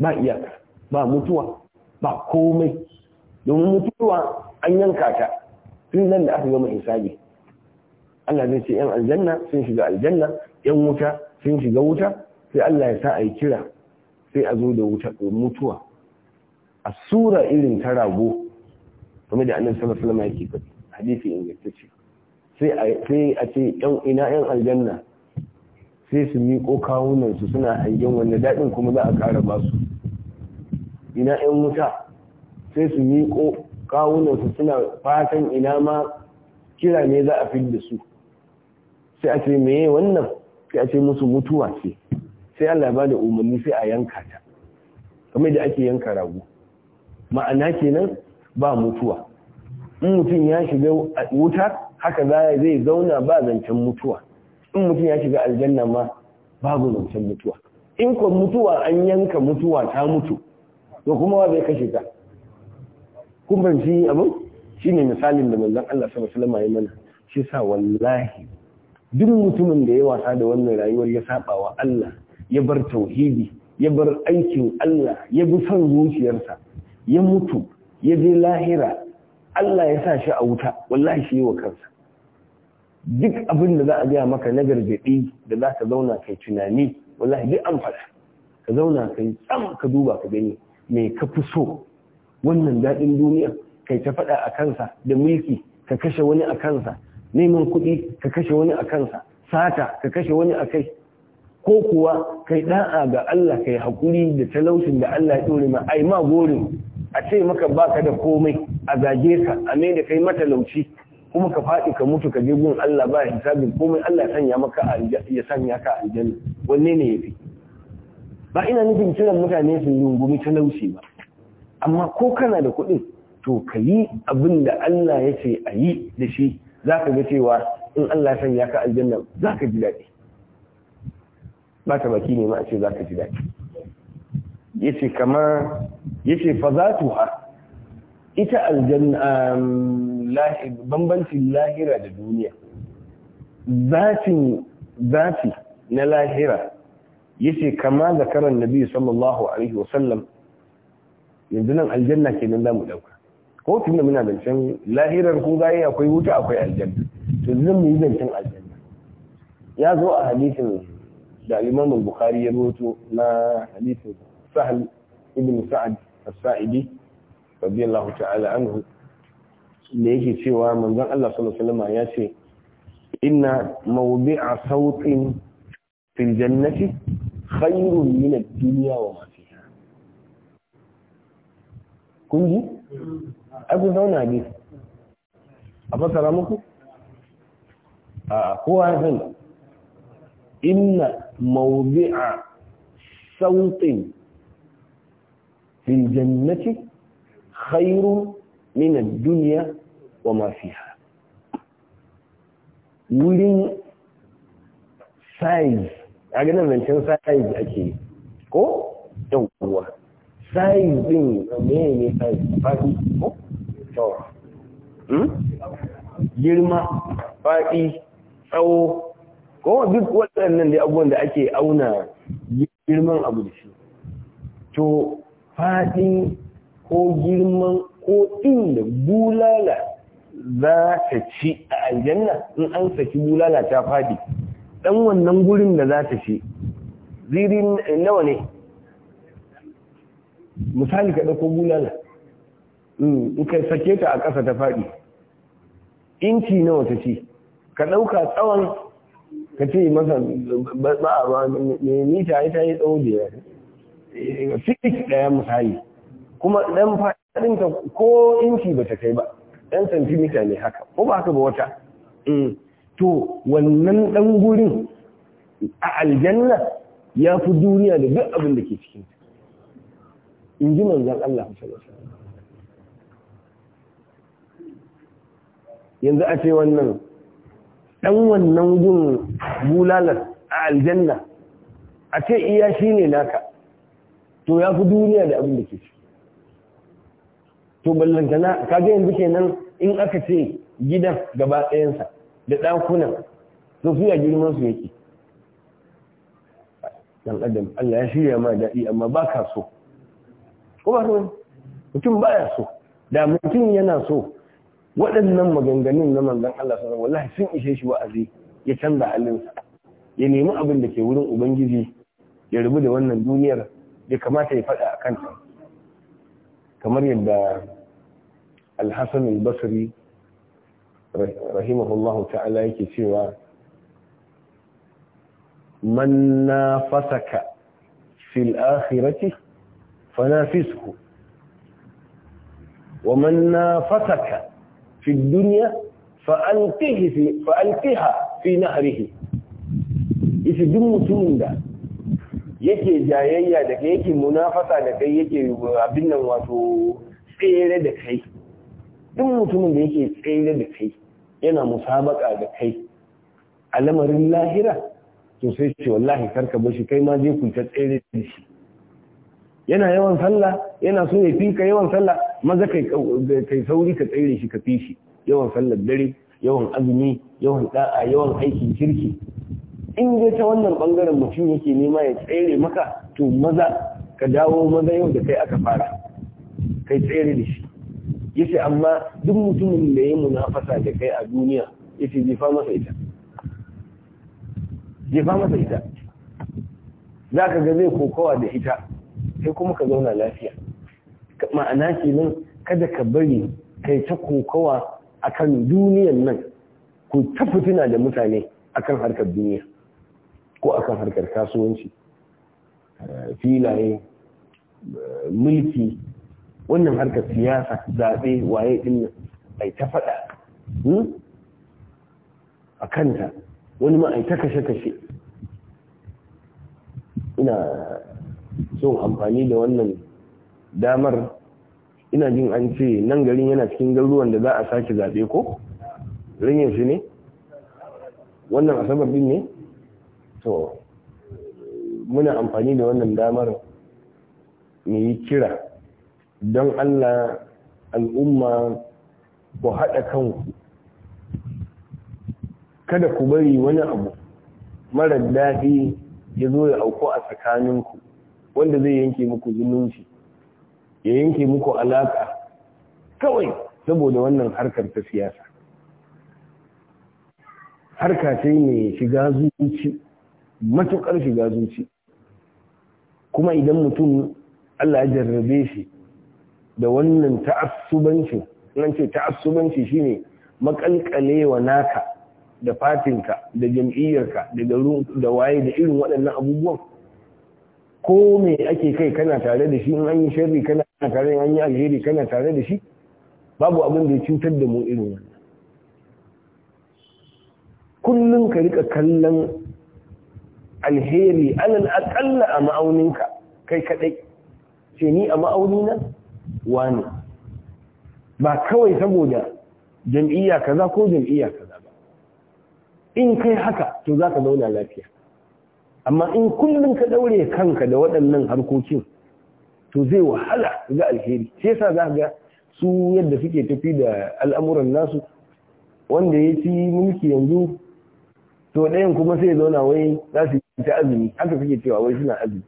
ba iyaka ba mutuwa ba komai domin mutuwa an yanka ta tun nan da aka gama hisabi Allah zai ce yan aljanna sun shiga aljanna yan wuta sun shiga wuta sai Allah ya sa a yi kira sai a zo da wuta mutuwa a sura irin ta rago kuma da annan sama sulama ya yake faɗi hadisi ingantacce sai a sai a ce yan ina yan aljanna sai su miƙo kawunan su suna hangen wanda daɗin kuma za a ƙara ba su ina yan wuta sai su miƙo kawunan su suna fatan ina ma kira ne za a fil da su sai a ce meye wannan sai a ce musu mutuwa ce sai Allah ba da umarni sai a yanka ta kamar da ake yanka rago ma'ana kenan ba mutuwa in mutum ya shiga wuta haka zai zauna ba zancen mutuwa in mutum ya shiga aljanna ma babu zancen mutuwa in ko mutuwa an yanka mutuwa ta mutu to kuma wa zai kashe ta kun ban shi abin shine misalin da manzon Allah sallallahu alaihi wasallam mana shi sa wallahi duk mutumin da ya wasa da wannan rayuwar ya saba wa Allah ya bar tauhidi ya bar aikin Allah ya bi son zuciyarsa ya mutu ya je lahira Allah ya sa shi a wuta wallahi shi wa kansa duk abin da za a gaya maka na gargaɗi da za ka zauna kai tunani wallahi duk an faɗa ka zauna kai tsam ka duba ka gani me ka fi so wannan daɗin duniya kai ta faɗa a kansa da mulki ka kashe wani a kansa neman kuɗi ka kashe wani a kansa sata ka kashe wani a kai ko kuwa kai da'a ga Allah kai haƙuri da talaucin da Allah ya ɗore ma ai ma gorin a ce maka baka da komai a gaje ka a mai da kai matalauci kuma ka faɗi ka mutu ka je gun Allah ba hisabin komai Allah ya sanya maka ya sanya ka aljanna wanne ne yafi ba ina nufin kiran mutane su rungumi talauci ba amma ko kana da kuɗin to ka yi abin da Allah ya ce a yi da shi za ka ga cewa in Allah ya sanya ka aljanna za ka ji daɗi ba ta baki ne ma a ce za ka ji daɗi ya ce kama ya ce fa za tuha ita aljanna um, bambancin lahira da duniya zafin zafi na lahira ya ce kama zakarar nabi sallallahu alaihi wasallam yanzu nan aljanna kenan za mu ɗauka ko muna da muna zancen lahirar ko gaye akwai wuta akwai aljanna to zan mu yi zancen aljanna ya zo a hadisin da imam bukhari ya rawaito na hadisin sahal ibn sa'ad as-sa'idi radiyallahu ta'ala anhu da yake cewa manzon Allah sallallahu alaihi wasallam ya ce inna mawdi'a sautin fil jannati khairun min ad-dunya wa ma kungi abu zauna ne a fasara muku a kowa ya sani inna mawdi'a sautin fil jannati khairun min ad-dunya wa ma fiha wurin size a ganin zancen size ake ko yawwa sayin din ne ne sayin faɗi ko tsawo hmm? girma faɗi tsawo ko duk waɗannan dai abubuwan da ake auna girman abu da shi to faɗin ko girman ko inda bulala za ta ci a aljanna in an saki bulala ta faɗi ɗan wannan gurin da za ta ci zirin nawa ne misali ka ɗauko bulala mm, in ka sake ta a ƙasa ta faɗi inci nawa ta ce ka ɗauka tsawon ka ce masa ba a ba mai mita ya ta yi tsawo da yawa ki ɗaya misali kuma ɗan ta ko inci ba ta kai ba ɗan santimita ne haka ko ba haka ba wata mm, to wannan ɗan gurin a aljanna ya fi duniya da duk abin da ke cikin in ji manzan Allah yanzu a ce wannan ɗan wannan gun bulalar a aljanna a ce iya shi ne naka to ya fi duniya da abin da ke ci to ballantana kaga yanzu kenan in aka ce gidan gaba ɗayansa da ɗakunan to su ya girman su yake dan adam Allah ya shirya ma daɗi amma ba ka so ko ba ruwan mutum baya so da mutum yana so waɗannan maganganun na manzan Allah sallallahu wallahi sun ishe shi wa'azi ya canza halinsa ya nemi abin da ke wurin ubangiji ya rubu da wannan duniyar ya kamata ya faɗa a kanta kamar yadda alhassan al-basri rahimahullahu ta'ala yake cewa man fasaka fil akhirati fanafisku wa man nafasaka fi dunya fa'alqihi fi fa'alqiha fi nahrihi ishi duk mutumin yake jayayya da kai yake munafasa da kai yake abin nan wato tsere da kai duk mutumin da yake tsere da kai yana musabaka da kai a lamarin lahira to sai ce wallahi karka shi, kai ma je ku ta tsere da shi yana yawan sallah yana so ya fi ka yawan sallah maza kai sauri ka tsere shi ka fi shi yawan sallar dare yawan azumi yawan da'a yawan aikin kirki in dai ta wannan bangaren mutum yake nema ya tsere maka to maza ka dawo maza yau da kai aka fara kai tsere da shi yace amma duk mutumin da ya munafasa da kai a duniya yace jefa masa ita jefa masa ita zaka ga zai kokowa da ita sai kuma ka zauna lafiya ma'ana nan kada ka bari kai ta kokawa akan duniyan nan ku ta fitina da mutane akan harkar duniya ko akan harkar kasuwanci eh, filaye eh, mulki wannan harkar siyasa zaɓe waye ɗin ai ta faɗa hmm? a kanta wani ma ai ta kashe-kashe ina so amfani da wannan damar ina jin an ce nan garin yana cikin garuruwan da za a sake zaɓe ko rinyin shi ne wannan asabar din ne to muna amfani da wannan damar mu yi kira don allah al'umma ku haɗa kanku kada ku bari wani abu mara daɗi ya zo ya auku a tsakaninku wanda zai yanke muku zumunci ya yanke muku alaka kawai saboda wannan harkar ta siyasa harka ce mai shiga zuci matukar shiga zuci kuma idan mutum Allah ya jarrabe shi da wannan ta'assubanci nan ce ta'assubanci shine makalkalewa naka da fatinka da jam'iyyarka da da waye da irin waɗannan abubuwan ko me ake kai kana tare da shi in an yi sharri kana tare da yi alheri kana tare da shi babu abin da ya cutar da mu irin wannan kullum ka rika kallon alheri alal akalla a ma'auninka kai kadai ce ni a ma'aunina wani ba kawai saboda jam'iyya kaza ko jam'iyya kaza ba in kai haka to za ka zauna lafiya amma in kullum ka daure kanka da waɗannan harkokin to zai wahala ga alheri sai sa za ga su yadda suke tafi da al'amuran nasu wanda ya ci mulki yanzu to ɗayan kuma sai zauna wai za su yi ta azumi haka suke cewa wai suna azumi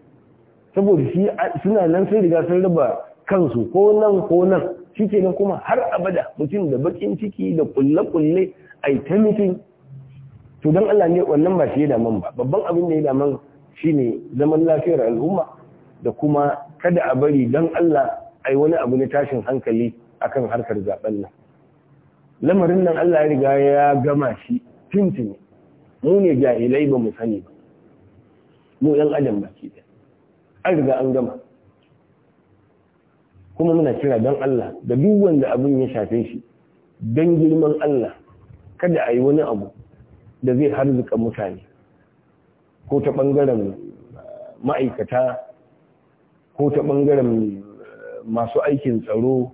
saboda shi suna nan sai riga sun raba kansu ko nan ko nan shi kenan kuma har abada mutum da bakin ciki da kulle-kulle ai ta mutum. to don Allah ne wannan ba shi da man ba babban abin da ya da shi shine zaman lafiyar al'umma da kuma kada a bari don Allah ai wani abu na tashin hankali akan harkar zaben nan lamarin nan Allah ya riga ya gama shi tuntun mu ne jahilai ba mu sani ba mu yan adam ba ke da an riga an gama kuma muna kira don Allah da duk wanda abin ya shafe shi don girman Allah kada a yi wani abu da zai harzuka mutane ko ta ɓangaren ma'aikata ko ta ɓangaren eh, masu aikin tsaro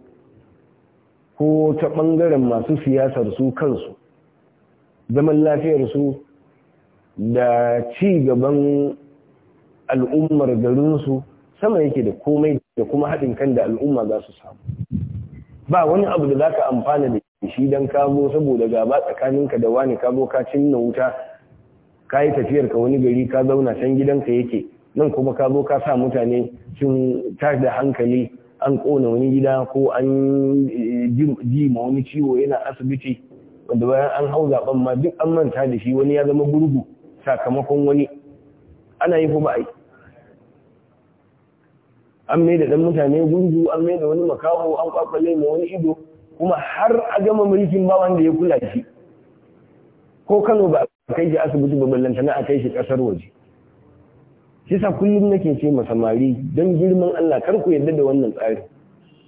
ko ta ɓangaren masu siyasar su kansu zaman lafiyarsu da ci gaban al'ummar garinsu sama yake da komai da kuma haɗin kan da al'umma za su samu ba wani abu da za ka amfana da shi dan ka saboda gaba tsakaninka da wani ka zo ka cinna wuta ka yi tafiyar ka wani gari ka zauna can gidanka yake nan kuma ka zo ka sa mutane sun tar da hankali an kona wani gida ko an eh, ji ma wani ciwo yana asibiti wanda bayan an hau zaben ma duk an manta da shi wani ya zama gurgu sakamakon wani ana yi kuma ai an mai da dan mutane gurgu an mai da wani makaho an kwakwale ma wani ido kuma har a gama mulkin ba wanda ya kula shi ko kano ba a kai shi asibiti ba na a kai shi kasar waje shi sa kullum nake ce ma samari don girman Allah kar ku yarda da wannan tsari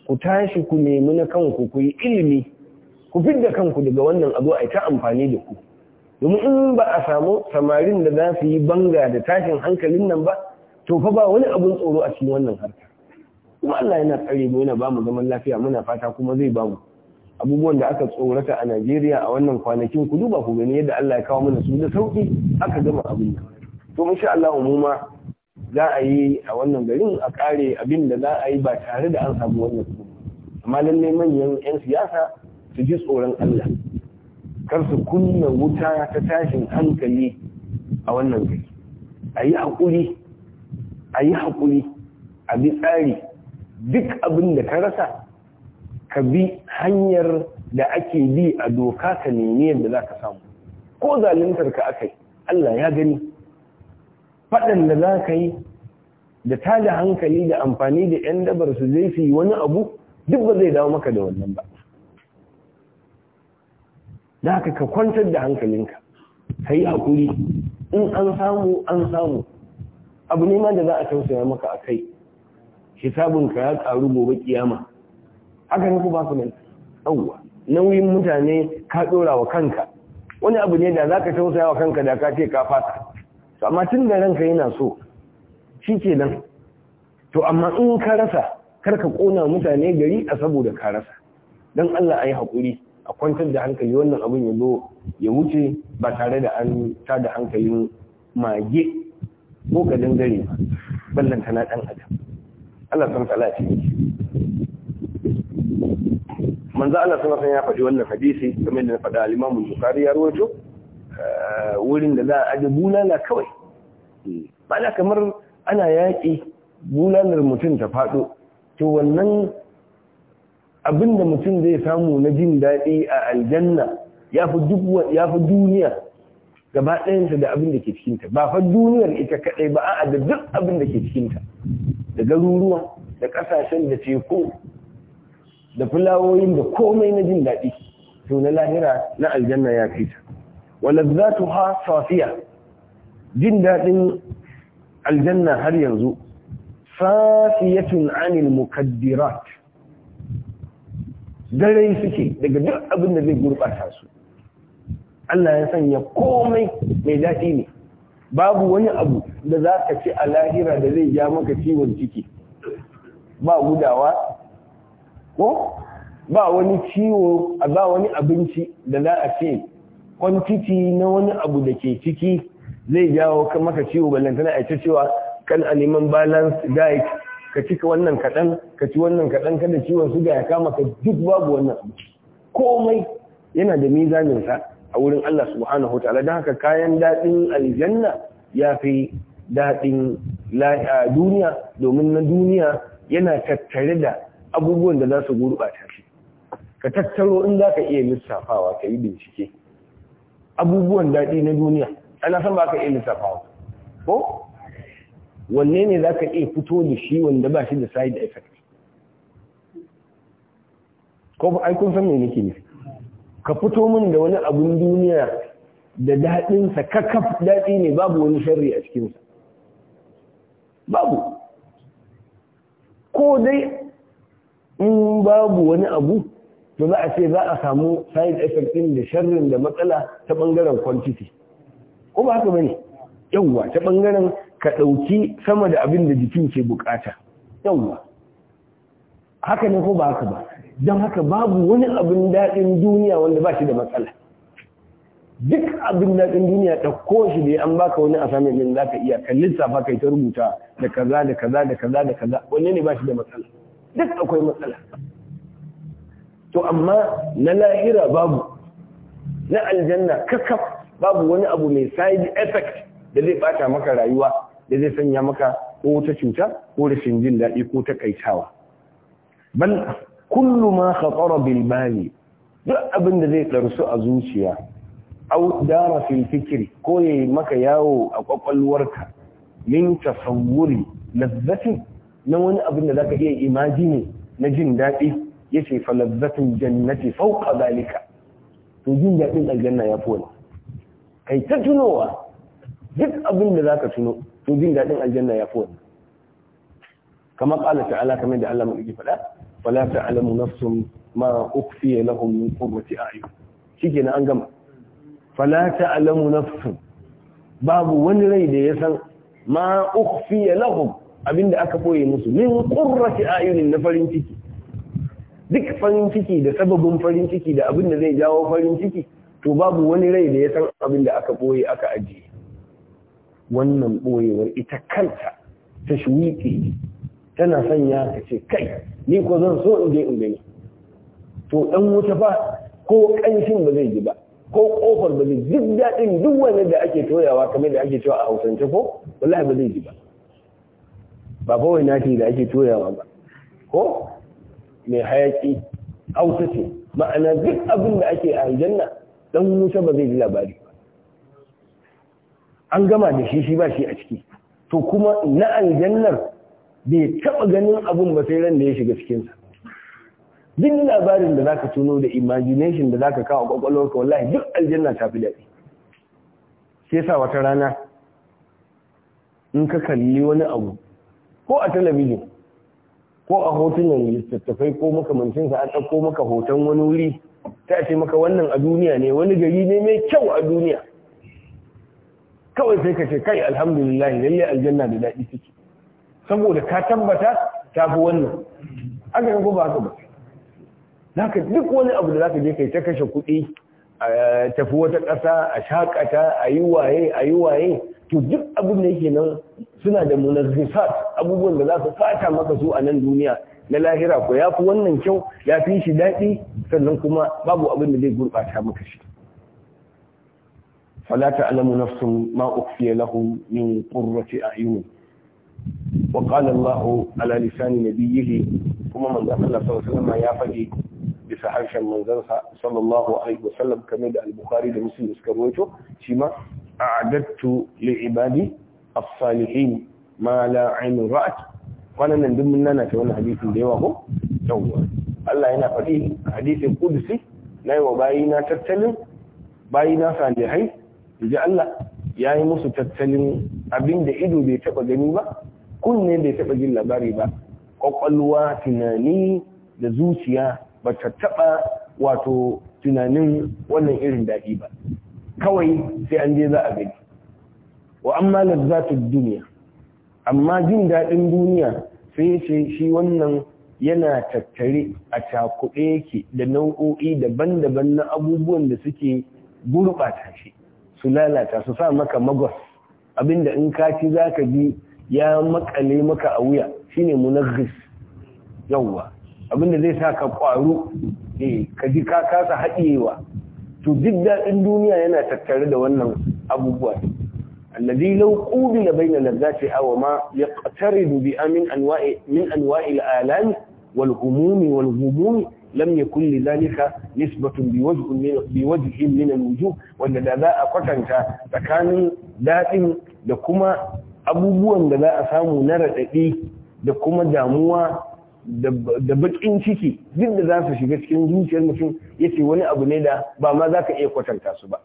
ku tashi ku nemi na kanku ku yi ilimi ku fidda kanku daga wannan abu a ta amfani da ku domin in ba a samu samarin da za su yi banga da tashin hankalin nan ba to fa ba wani abun tsoro a cikin wannan harka kuma Allah yana tsare mu yana ba mu zaman lafiya muna fata kuma zai ba mu abubuwan da aka tsorata a Najeriya a wannan kwanakin ku duba ku gani yadda Allah ya kawo mana su da sauki aka gama abin nan to insha Allah mu za a yi a wannan garin a kare abin da za a yi ba tare da an samu wannan su amma lalle manyan yan siyasa su ji tsoron Allah kar su kunna wuta ta tashin hankali a wannan gari a yi haƙuri a yi haƙuri a bi tsari duk abin da ka rasa ka bi hanyar da ake bi a doka ka nemi yadda za ka samu ko zaluntar ka aka yi Allah ya gani faɗan da za ka yi da ta da hankali da amfani da 'yan dabar su zai fi wani abu duk ba zai dawo maka da wannan ba da haka ka kwantar da hankalinka ka yi haƙuri in an samu an samu abu ne ma da za a tausaya maka a kai hisabinka ya ƙaru gobe kiyama haka ne ku ba su laifi yawwa nauyin mutane ka dora wa kanka wani abu ne da za ka tausaya wa kanka da ka ce ka fasa to amma tun da ranka yana so shi ke nan, to amma in ka rasa kar ka kona mutane gari a saboda ka rasa don Allah a yi hakuri a kwantar da hankali wannan abin ya zo ya wuce ba tare da an ta da hankalin mage ko ka dangare ba ballanta na dan adam Allah san salati manzo Allah sallallahu alaihi wasallam ya faɗi wannan hadisi kamar da na faɗa al-Imam Bukhari ya rawaito eh, wurin da za a aje bulala kawai Ba la kamar ana yaki bulalar mutum ta faɗo to wannan abinda mutum zai samu na jin daɗi a aljanna ya fi duniya gaba ɗayanta da abin da ke cikinta ba fa duniyar ita kaɗai ba A'a, da duk abin da ke cikinta da garuruwa da ƙasashen da teku da fulawoyin da komai na jin daɗi to na lahira na aljanna ya fi ta walazzatu ha safiya jin daɗin aljanna har yanzu safiyatun anil mukaddirat dare suke daga duk abin da zai gurɓata su Allah ya sanya komai mai daɗi ne babu wani abu da za ka ci a lahira da zai ja maka ciwon ciki ba gudawa ko ba wani ciwo ba wani abinci da za a ce kwantiti na wani abu da ke ciki zai jawo maka ciwo ballantana a ce cewa kan a neman balance diet ka cika wannan kaɗan ka ci wannan kaɗan kada ciwon suga ya kama ka duk babu wannan komai yana da mizaninsa a wurin Allah subhanahu wataala don haka kayan daɗin aljanna ya fi daɗin duniya domin na duniya yana tattare da abubuwan da za su gurɓata shi ka tattaro in za ka iya lissafawa ka yi bincike abubuwan daɗi na duniya ana san ba ka iya lissafawa ko wanne ne za ka iya fito da shi wanda ba shi da side effect ko ba ai kun san me nake nufi ka fito min da wani abun duniya da daɗinsa kakaf daɗi ne babu wani sharri a cikinsa babu ko dai in babu wani abu to za a ce za a samu side effect din da sharrin da matsala ta bangaren quantity ko ba haka bane yawwa ta bangaren ka dauki sama da abin da jikin ke bukata yawwa haka ne ko ba haka ba don haka babu wani abin dadin duniya wanda ba shi da matsala duk abin dadin duniya ko shi da an baka wani assignment din zaka iya kallin lissafa kai ta rubuta da kaza da kaza da kaza da kaza wanne ne ba shi da matsala duk akwai matsala to amma na lahira babu na aljanna kakaf babu wani abu mai side effect da zai bata maka rayuwa da zai sanya maka ko ta cuta ko rashin jin daɗi ko ta takaitawa bal kullu ma khatara bil bali duk abin da zai ɗarsu a zuciya au dara fil fikri ko yayi maka yawo a kwakwalwarka min tasawwuri lazzatin na wani abin da za ka iya ne na jin daɗi ya ce falazzatun jannati fauka zalika to jin daɗin aljanna ya fi wani kai ta tunowa duk abin da za ka tuno to jin daɗin aljanna ya fi wani kamar ƙala ta'ala kamar da Allah mai faɗa wala ta'lamu nafsun ma ko lahum min qurrati a'yun shikenan an gama fala ta'lamu nafsun babu wani rai da ya san ma ukhfiya lahum abinda aka koye musu min qurrati ayunin na farin ciki duk farin ciki da sababin farin ciki da abin da zai jawo farin ciki to babu wani rai da ya san abin da aka boye aka ajiye wannan koyewar ita kanta ta shuwiƙi tana sanya ka ce kai ni ko zan so in je in gani to dan wuta ba ko ƙanshin ba zai ji ba ko ƙofar ba zai duk daɗin duk wani da ake toyawa kamar da ake cewa a hausance ko wallahi ba zai ji ba ba kawai nashi da ake toyawa ba ko mai hayaki hausa ce ma'ana duk abin da ake aljanna dan Musa ba zai ji labari ba an gama da shi shi ba shi a ciki to kuma na aljannar bai taba ganin abin ba sai ran da ya shiga cikinsa duk labarin da zaka tuno da imagination da zaka kawo kwakwalwarka wallahi duk aljanna ta fi daɗi sai sa wata rana in ka kalli wani abu ko a talabijin ko a hotunan littattafai ko makamancinsa an ɗauko maka hoton wani wuri ta ce maka wannan a duniya ne wani gari ne mai kyau a duniya kawai sai ka ce kai alhamdulillah lalle aljanna da daɗi suke saboda ka tabbata ta fi wannan aka ga ba haka ba zaka duk wani abu da zaka je kai ta kashe kuɗi a tafi wata ƙasa a shakata a yi waye a yi waye to duk abin da yake nan suna da munazzifat abubuwan da za su fata maka su a nan duniya na lahira ko ya fi wannan kyau ya fi shi daɗi sannan kuma babu abin da zai gurɓata maka shi fala ta'lamu nafsun ma ukhfiya lahu min qurrati a'yun wa qala Allahu ala lisani nabiyhi kuma manzon Allah sallallahu alaihi wasallam ya faɗi bisa harshen manzansa sallallahu alaihi wasallam kamar da al-Bukhari da Muslim suka rawaito shi a'adattu li'ibadi as-salihin ma la ainu ra'at wannan nan duk mun nana ta wannan hadisin da yawa ko yawwa Allah yana faɗi hadisin kudusi na yi wa bayina tattalin bayina salihai ji Allah ya yi musu tattalin abinda ido bai taɓa gani ba kunne bai taɓa jin labari ba ƙwaƙwalwa tunani da zuciya ba ta taɓa wato tunanin wannan irin daɗi ba kawai sai an je za a gani wa amma lazzatu duniya amma jin daɗin duniya sai ce shi wannan yana tattare a cakuɗe yake da nau'o'i daban-daban na abubuwan da suke gurɓata shi su lalata su sa maka magos abinda in ka ci za ka ji ya makale maka a wuya shine munaghis yawwa abinda zai sa ka ƙwaru eh, ka ji ka kasa haɗiyewa to duk daɗin duniya yana tattare da wannan abubuwa alladhi law qubila bayna ladzati aw ma yaqtaridu bi amin anwa'i min anwa'i al-alam wal humum wal humum lam yakun lidhalika nisbatun bi wajhin min bi wajhin min al-wujuh wanda da za a kwatanta tsakanin daɗin da kuma abubuwan da za a samu na raɗaɗi da kuma damuwa da bakin ciki duk da za su shiga cikin zuciyar mutum yake wani abu ne da ba ma za ka iya kwatanta su ba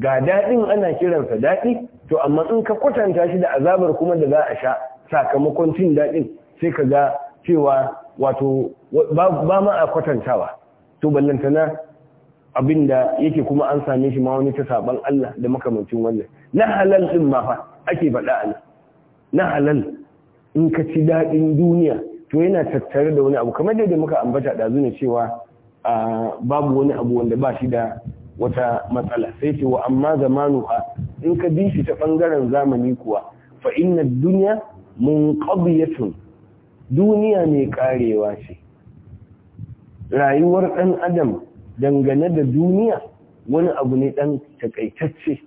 ga daɗin ana kiransa daɗi to amma in ka kwatanta shi da azabar kuma da za a sha sakamakon cin daɗin sai ka ga cewa wato ba ma a kwatantawa to ballantana abin da yake kuma an same shi ma wani ta saban Allah da makamancin wannan na halal din ma fa ake faɗa a na halal in ka ci daɗin duniya to yana tattare da wani abu kamar da muka ambata da zuwa cewa babu wani abu wanda ba shi da wata matsala sai ce wa amma ha in ka bi shi ta bangaren zamani kuwa fa inna dunya tun duniya ne karewa ce rayuwar dan adam dangane da duniya wani abu ne dan takaitacce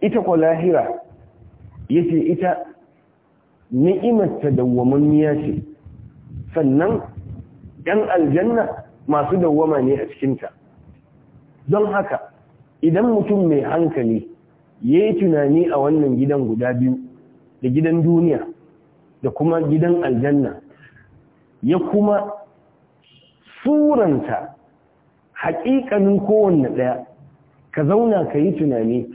ita ko lahira yace ita ni'imar ta dawwamammiya ce sannan ‘yan aljanna masu dawwama ne a cikinta don haka idan mutum mai hankali ya yi tunani a wannan gidan guda biyu da gidan duniya da kuma gidan aljanna ya kuma suranta haƙiƙanin kowanne ɗaya ka zauna ka yi tunani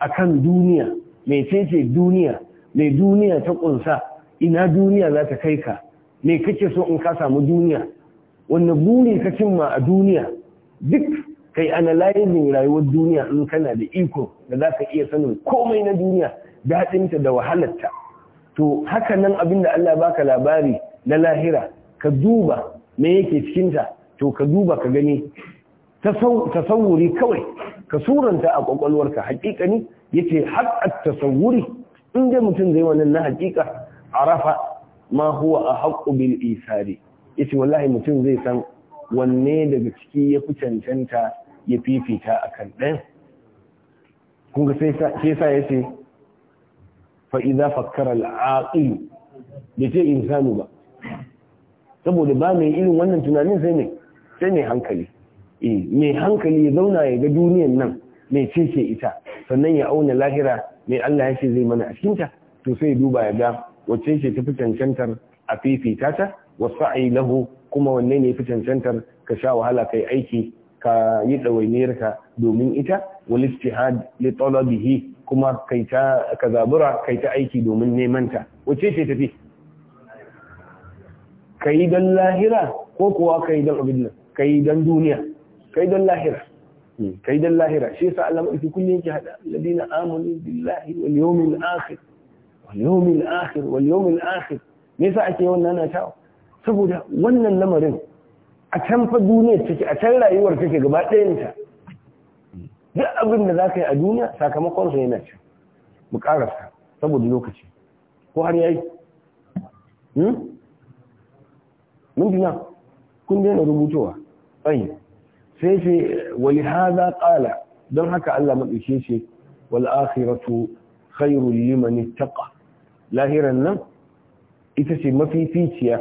a kan duniya mai cece duniya mai duniya ta ƙunsa ina duniya za ta kai ka me kake so in ka samu duniya wanne buri ka cimma a duniya duk kai analyzing rayuwar duniya in kana da iko da za ka iya sanin komai na duniya daɗinta da wahalarta to haka nan abin da Allah baka labari na lahira ka duba me yake cikinta to ka duba ka gani tasawuri kawai ka suranta a kwakwalwarka haƙiƙani yace har at tasawuri in mutum zai wannan na haƙiƙa arafa ma huwa ahqqu bil isari yace wallahi mutum zai san wanne daga ciki ya fi cancanta ya fifita akan ɗan kunga sai sa yace fa idza fakkara al ce in insanu ba saboda ba mai irin wannan tunanin sai mai hankali eh mai hankali ya zauna ya ga duniyar nan mai cece ita sannan ya auna lahira mai Allah ya ce zai mana a cikinta to sai duba ya ga wacce ce tafi cancantar a fifita ta wasu lahu kuma wanne ne fi cancantar ka sha wahala kai aiki ka yi ɗawainiyar ka domin ita wal istihad li talabihi kuma kai ta ka zabura kai ta aiki domin neman ta wacce ce tafi kai don lahira ko kuwa kai don abin nan, kai don duniya kai don lahira hmm. kai don lahira shi yasa Allah mafi kullun yake hada alladina amanu billahi wal yawmil akhir wal akhir wal yawmil akhir me yasa ake wannan na ta saboda wannan lamarin a can fa take a can rayuwar take gaba ɗayanta duk abin da za ka yi a duniya sakamakon sa yana can mu karasa saboda lokaci ko har yayi mun hmm? dina kun daina rubutowa tsayi sai ce wali haza ƙala don haka Allah maɗauke ce wal akhiratu khairul liman ittaqa lahiran nan ita ce mafificiya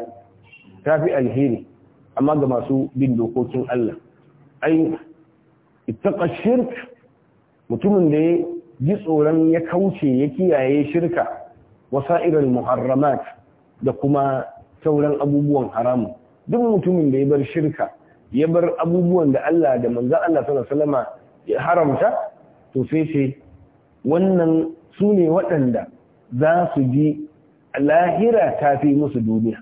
ta fi alheri amma ga masu bin dokokin Allah ai ittaqa shirk mutumin da ya ji tsoron ya kauce ya kiyaye shirka wasa'iral muharramat da kuma sauran abubuwan haramu duk mutumin da ya bar shirka ya bar abubuwan da Allah da manzan Allah sallallahu ya haramta to sai sai wannan su ne waɗanda za su ji lahira ta fi musu duniya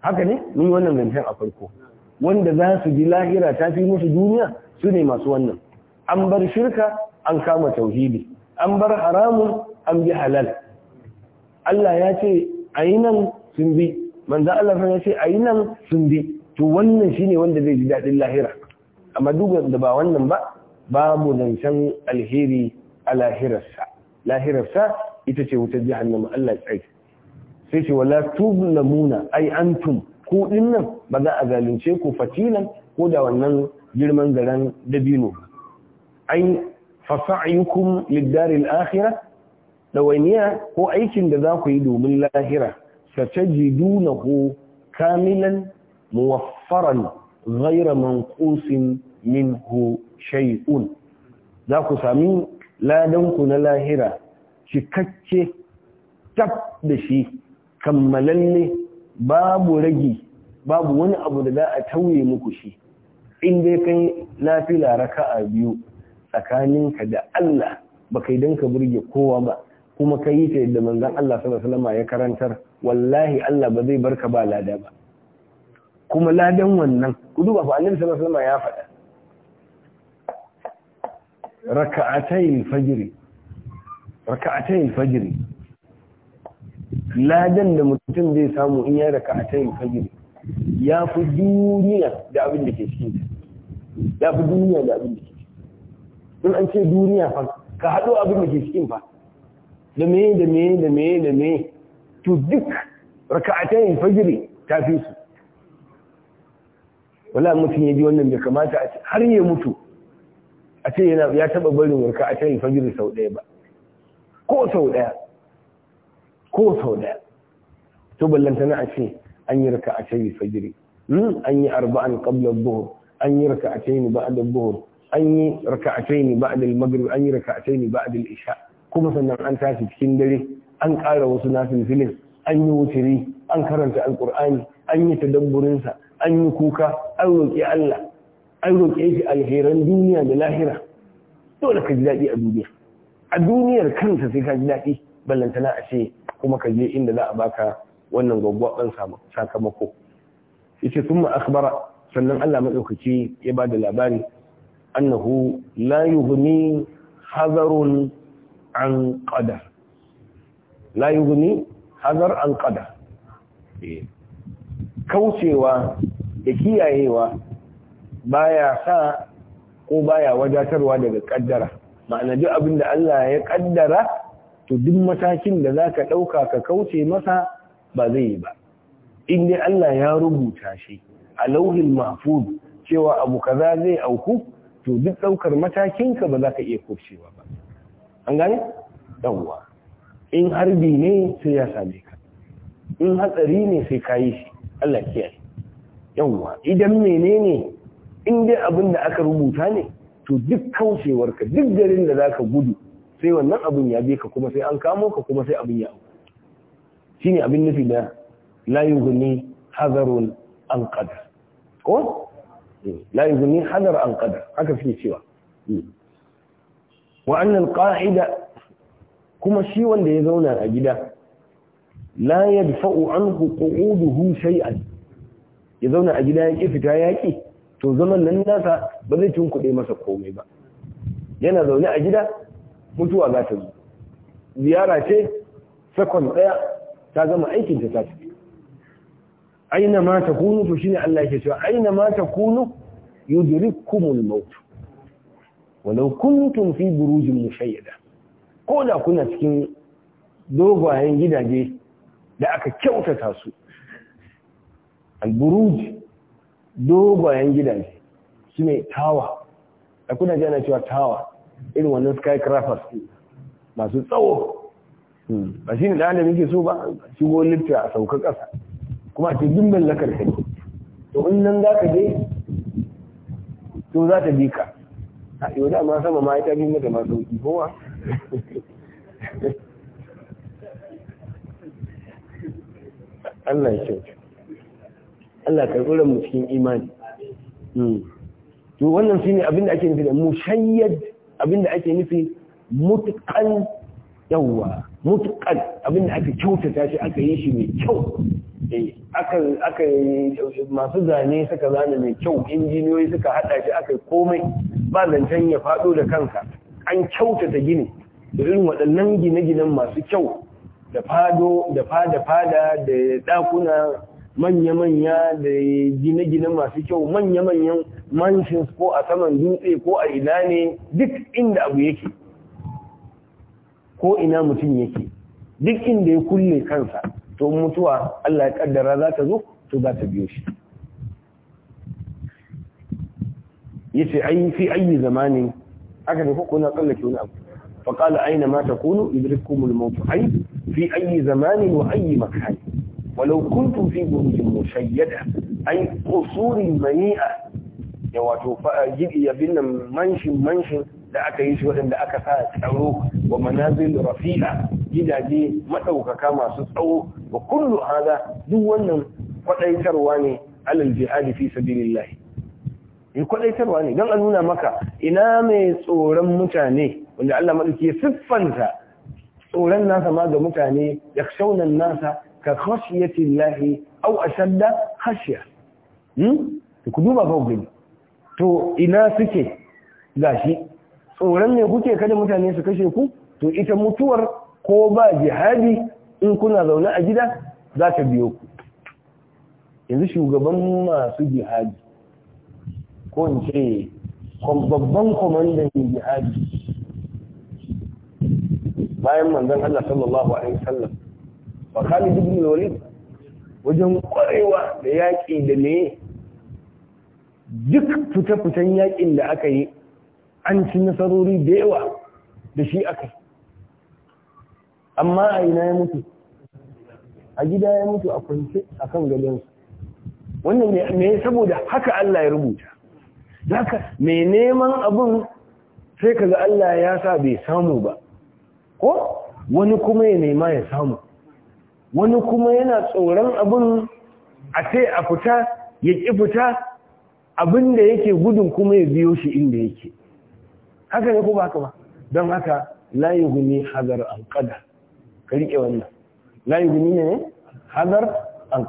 haka ne mun yi wannan zancen a farko wanda za su ji lahira ta fi musu duniya su ne masu wannan an bar shirka an kama tauhidi an bar haramun an bi halal Allah ya ce a yi nan sun bi manzan Allah ya ce a yi nan sun bi to wannan shine wanda zai ji daɗin lahira amma duk da ba wannan ba babu zancen alheri a lahirarsa lahirarsa ita ce wutar jahannama Allah ya tsare sai ce wala tuzlamuna ai antum ku dinnan ba za a zalunce ku fatilan ko da wannan girman garan dabino ai fasa'yukum lid-daril akhirah dawainiya ko aikin da za ku yi domin lahira satajidunahu kamilan muwaffaran ghayra manqusin minhu shay'un za ku sami ladanku na lahira cikakke tab da shi kammalalle babu ragi babu wani abu da za a tauye muku shi in dai kai lafila raka'a biyu tsakaninka da Allah ba kai ka burge kowa ba kuma ka yi ta yadda manzan Allah sallallahu ya karantar wallahi Allah ba zai barka ba lada ba kuma ladan wannan ku duba fa annabi sallallahu ya faɗa raka’atayin fajiri, raka'atayn ladan da mutum zai samu in ya raka'atayn fajri ya fi duniya da abin da ke cikin ya fi duniya da abin da ke cikin an ce duniya fa ka haɗo abin da ke cikin fa da me da me da me da me to duk raka’atayin fajiri ta fi su wala mutum ya ji wannan bai kamata a har ya mutu a ce yana ya taba barin wurka a cikin fajiri sau ɗaya ba ko sau ɗaya ko sau ɗaya to na a ce an yi raka a tayin fajiri hmm? an yi arba'an qabla dhuhr an yi raka a cikin ba'da dhuhr an yi raka a cikin ba'da maghrib an yi raka a cikin ba'da isha kuma sannan an tashi cikin dare an ƙara wasu filin an yi wuturi an karanta alƙur'ani an yi ta sa an yi kuka an roƙi Allah an roƙe shi alheran duniya da lahira dole ka ji daɗi a duniya a duniyar kanta sai ka ji daɗi ballantana a ce kuma ka je inda za a baka wannan gwaggwaban sakamako tun sun akhbara sannan Allah maɗaukaci ya ba da labari annahu la yughni hazarun an qadar la yughni hazar an qadar eh. kaucewa da kiyayewa baya sa ko baya wadatarwa daga kaddara ma'ana duk abin da Allah ya kaddara to duk matakin da zaka dauka ka kauce masa ba zai yi ba in dai Allah ya rubuta shi a lauhin mahfuz cewa abu kaza zai auku to duk daukar matakin ka ba za ka iya kofcewa ba an gane dawwa in harbi ne sai ya same ka in hatsari ne sai ka yi shi Allah kiyaye yawa idan menene in dai abin da aka rubuta ne to duk kaucewarka duk garin da zaka gudu sai wannan abin ya bi ka kuma sai an kamo ka kuma sai abin ya Shi shine abin nufi da la yughni hadarun an qadar ko la yughni hadar an qadar haka suke cewa wa anna al-qa'ida kuma shi wanda ya zauna a gida la yadfa'u anhu qu'uduhu shay'an ya zauna a gida ya ki fita yaki to zaman nan nasa ba zai tunkuɗe masa komai ba yana zaune a gida mutuwa za ta zo ziyara ce sakon ɗaya ta gama aikinta ta tafi aina ma ta kunu to shine Allah yake cewa aina ma ta kunu yudrikumul maut walau kuntum fi burujin mushayyada ko da kuna cikin dogayen gidaje da aka kyautata su al-buruj dogayen gidaje su ne tawa a kuna jana cewa tawa irin wannan skycrafers masu tsawo hmm. ba shi ne da da yake so ba shigo lifta a sauka ƙasa kuma a ce dimbin lakar kai to in nan za ka je to za ta bi ka a yau da ma sama ma ita bi mata ma ki kowa [LAUGHS] Allah ya kyauta Allah karɓi mu cikin imani hmm. to wannan shine abin da ake nufi da mu shayyar abinda ake nufi mutuƙan yawa mutuƙan abinda ake aka kyautata shi aka yi shi mai kyau eh, aka masu zane suka zane mai kyau injiniyoyi suka hada shi aka komai ba zancen ya fado da kanka an kyautata gini da irin waɗannan gine-ginen masu kyau da fado fada-fada da ɗakuna manya-manya da gine-gine masu kyau manya-manyan mansions ko a saman dutse ko a ina ne duk inda abu yake ko ina mutum yake duk inda ya kulle kansa to mutuwa Allah ya kaddara za ta zo to za ta biyo shi yace ai fi ayi zamanin aka da kuna tsallake wani abu fa aina ma takunu idrikumul maut ai fi ayi zamanin wa ayi makani walau kuntum fi burujin mushayyada ay qusurin mani'a wato jibi ya manshin manshin da aka yi shi waɗanda aka sa tsaro wa manazil rafi'a gidaje maɗaukaka masu tsawo wa kullu duk wannan kwadaitarwa ne alal jihad fi sabilillah in kwadaitarwa ne don a nuna maka ina mai tsoron mutane wanda Allah madauki ya siffanta tsoron nasa ma ga mutane ya nasa ka khashiyati llahi aw ashadda khashiya hmm ku duba ba gani to ina suke gashi tsoron ne kuke kada mutane su kashe ku to ita mutuwar ko ba jihadi in kuna zaune a gida za ta biyo ku yanzu shugaban masu jihadi ko in ce babban kwamandan jihadi bayan manzon Allah sallallahu alaihi wasallam ba khalid ibn wajen kwarewa da yaƙi da me duk fita-fitan yaƙin da aka yi an ci nasarori da yawa da shi aka amma a ina ya mutu a gida ya mutu a kwance a kan gadonsu wannan me saboda haka Allah ya rubuta zaka mai neman abin sai kaga Allah ya sa bai samu ba ko wani kuma ya nema ya samu wani kuma yana tsoron abin a sai a fita ya ƙi fita abin da yake gudun kuma ya biyo shi inda yake haka ne ko ba haka ba don haka layi gumi hazar an kada ka riƙe wannan layi gumi ne hazar an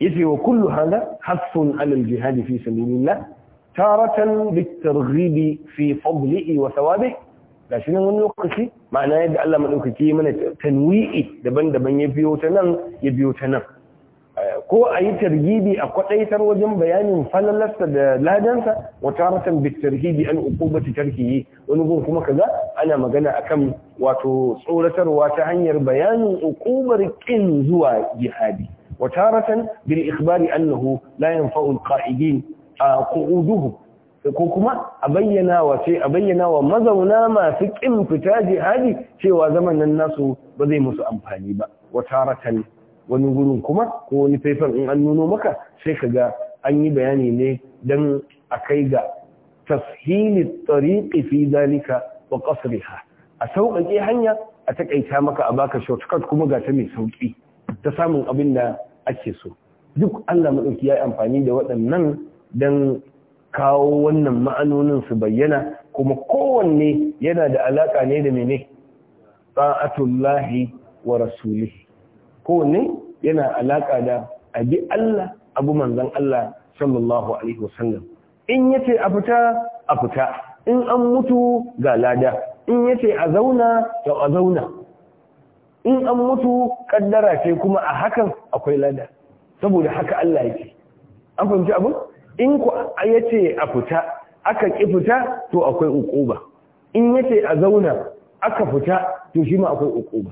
Ya ce wa kullu hada hasfun alal jihadi fi sabilillah taratan bitarghibi fi fadlihi wa thawabihi ga shi nan wani lokaci ma'ana yadda Allah maɗaukaki ya mana tanwi'i daban-daban ya biyo ta nan ya biyo ta nan ko a yi targibi a kwaɗaitar wajen bayanin falalarsa da ladansa wata ratan bit tarhibi an uqubati tarkihi wani gun kuma kaza ana magana akan wato tsoratarwa ta hanyar bayanin ukubar kin zuwa jihadi wata ratan bil ikhbari annahu la yanfa'u al a quduhum ko kuma a bayyana wa ce a bayyana wa mazauna masu kin fita jihadi cewa zaman nan nasu ba zai musu amfani ba wataratan wani gurin kuma ko wani faifan in an nuno maka sai ka ga an yi bayani ne don a kai ga tashili tariqi fi zalika wa qasriha a sauƙaƙe hanya a takaita maka a baka shortcut kuma ga ta mai sauƙi ta samun abin da ake so duk Allah madauki ya yi amfani da waɗannan don kawo wannan ma'anonin su bayyana kuma kowanne yana da alaka ne da mene ta'atullahi wa rasulihi kowanne yana alaka da abi Allah abu manzon Allah sallallahu alaihi wasallam in yace a fita a fita in an mutu ga lada in yace a zauna to a zauna in an mutu kaddara sai kuma a hakan akwai lada saboda haka Allah yake an fahimci abin in ku ya ce a fita aka ƙi fita to akwai ukuba in ya ce a zauna aka fita to shi ma akwai ukuba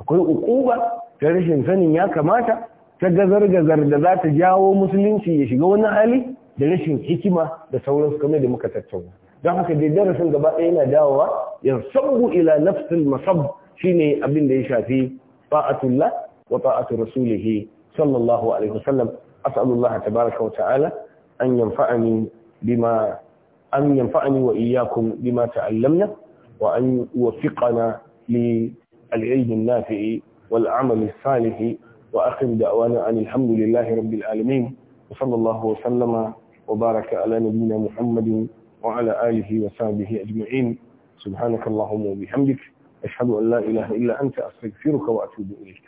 akwai ukuba ta rashin sanin ya kamata ta gazar-gazar da za ta jawo musulunci ya shiga wani hali da rashin hikima da sauransu kamar da muka tattauna don haka dai darasin gaba ɗaya yana dawowa ya sabu ila nafsul masab shine abin da ya shafi ta'atullah wa ta'atu rasulihi sallallahu alaihi wasallam أسأل الله تبارك وتعالى أن ينفعني بما أن ينفعني وإياكم بما تعلمنا وأن يوفقنا للعلم النافع والعمل الصالح وآخر دعوانا أن الحمد لله رب العالمين وصلى الله وسلم وبارك على نبينا محمد وعلى آله وصحبه أجمعين سبحانك اللهم وبحمدك أشهد أن لا إله إلا أنت أستغفرك وأتوب إليك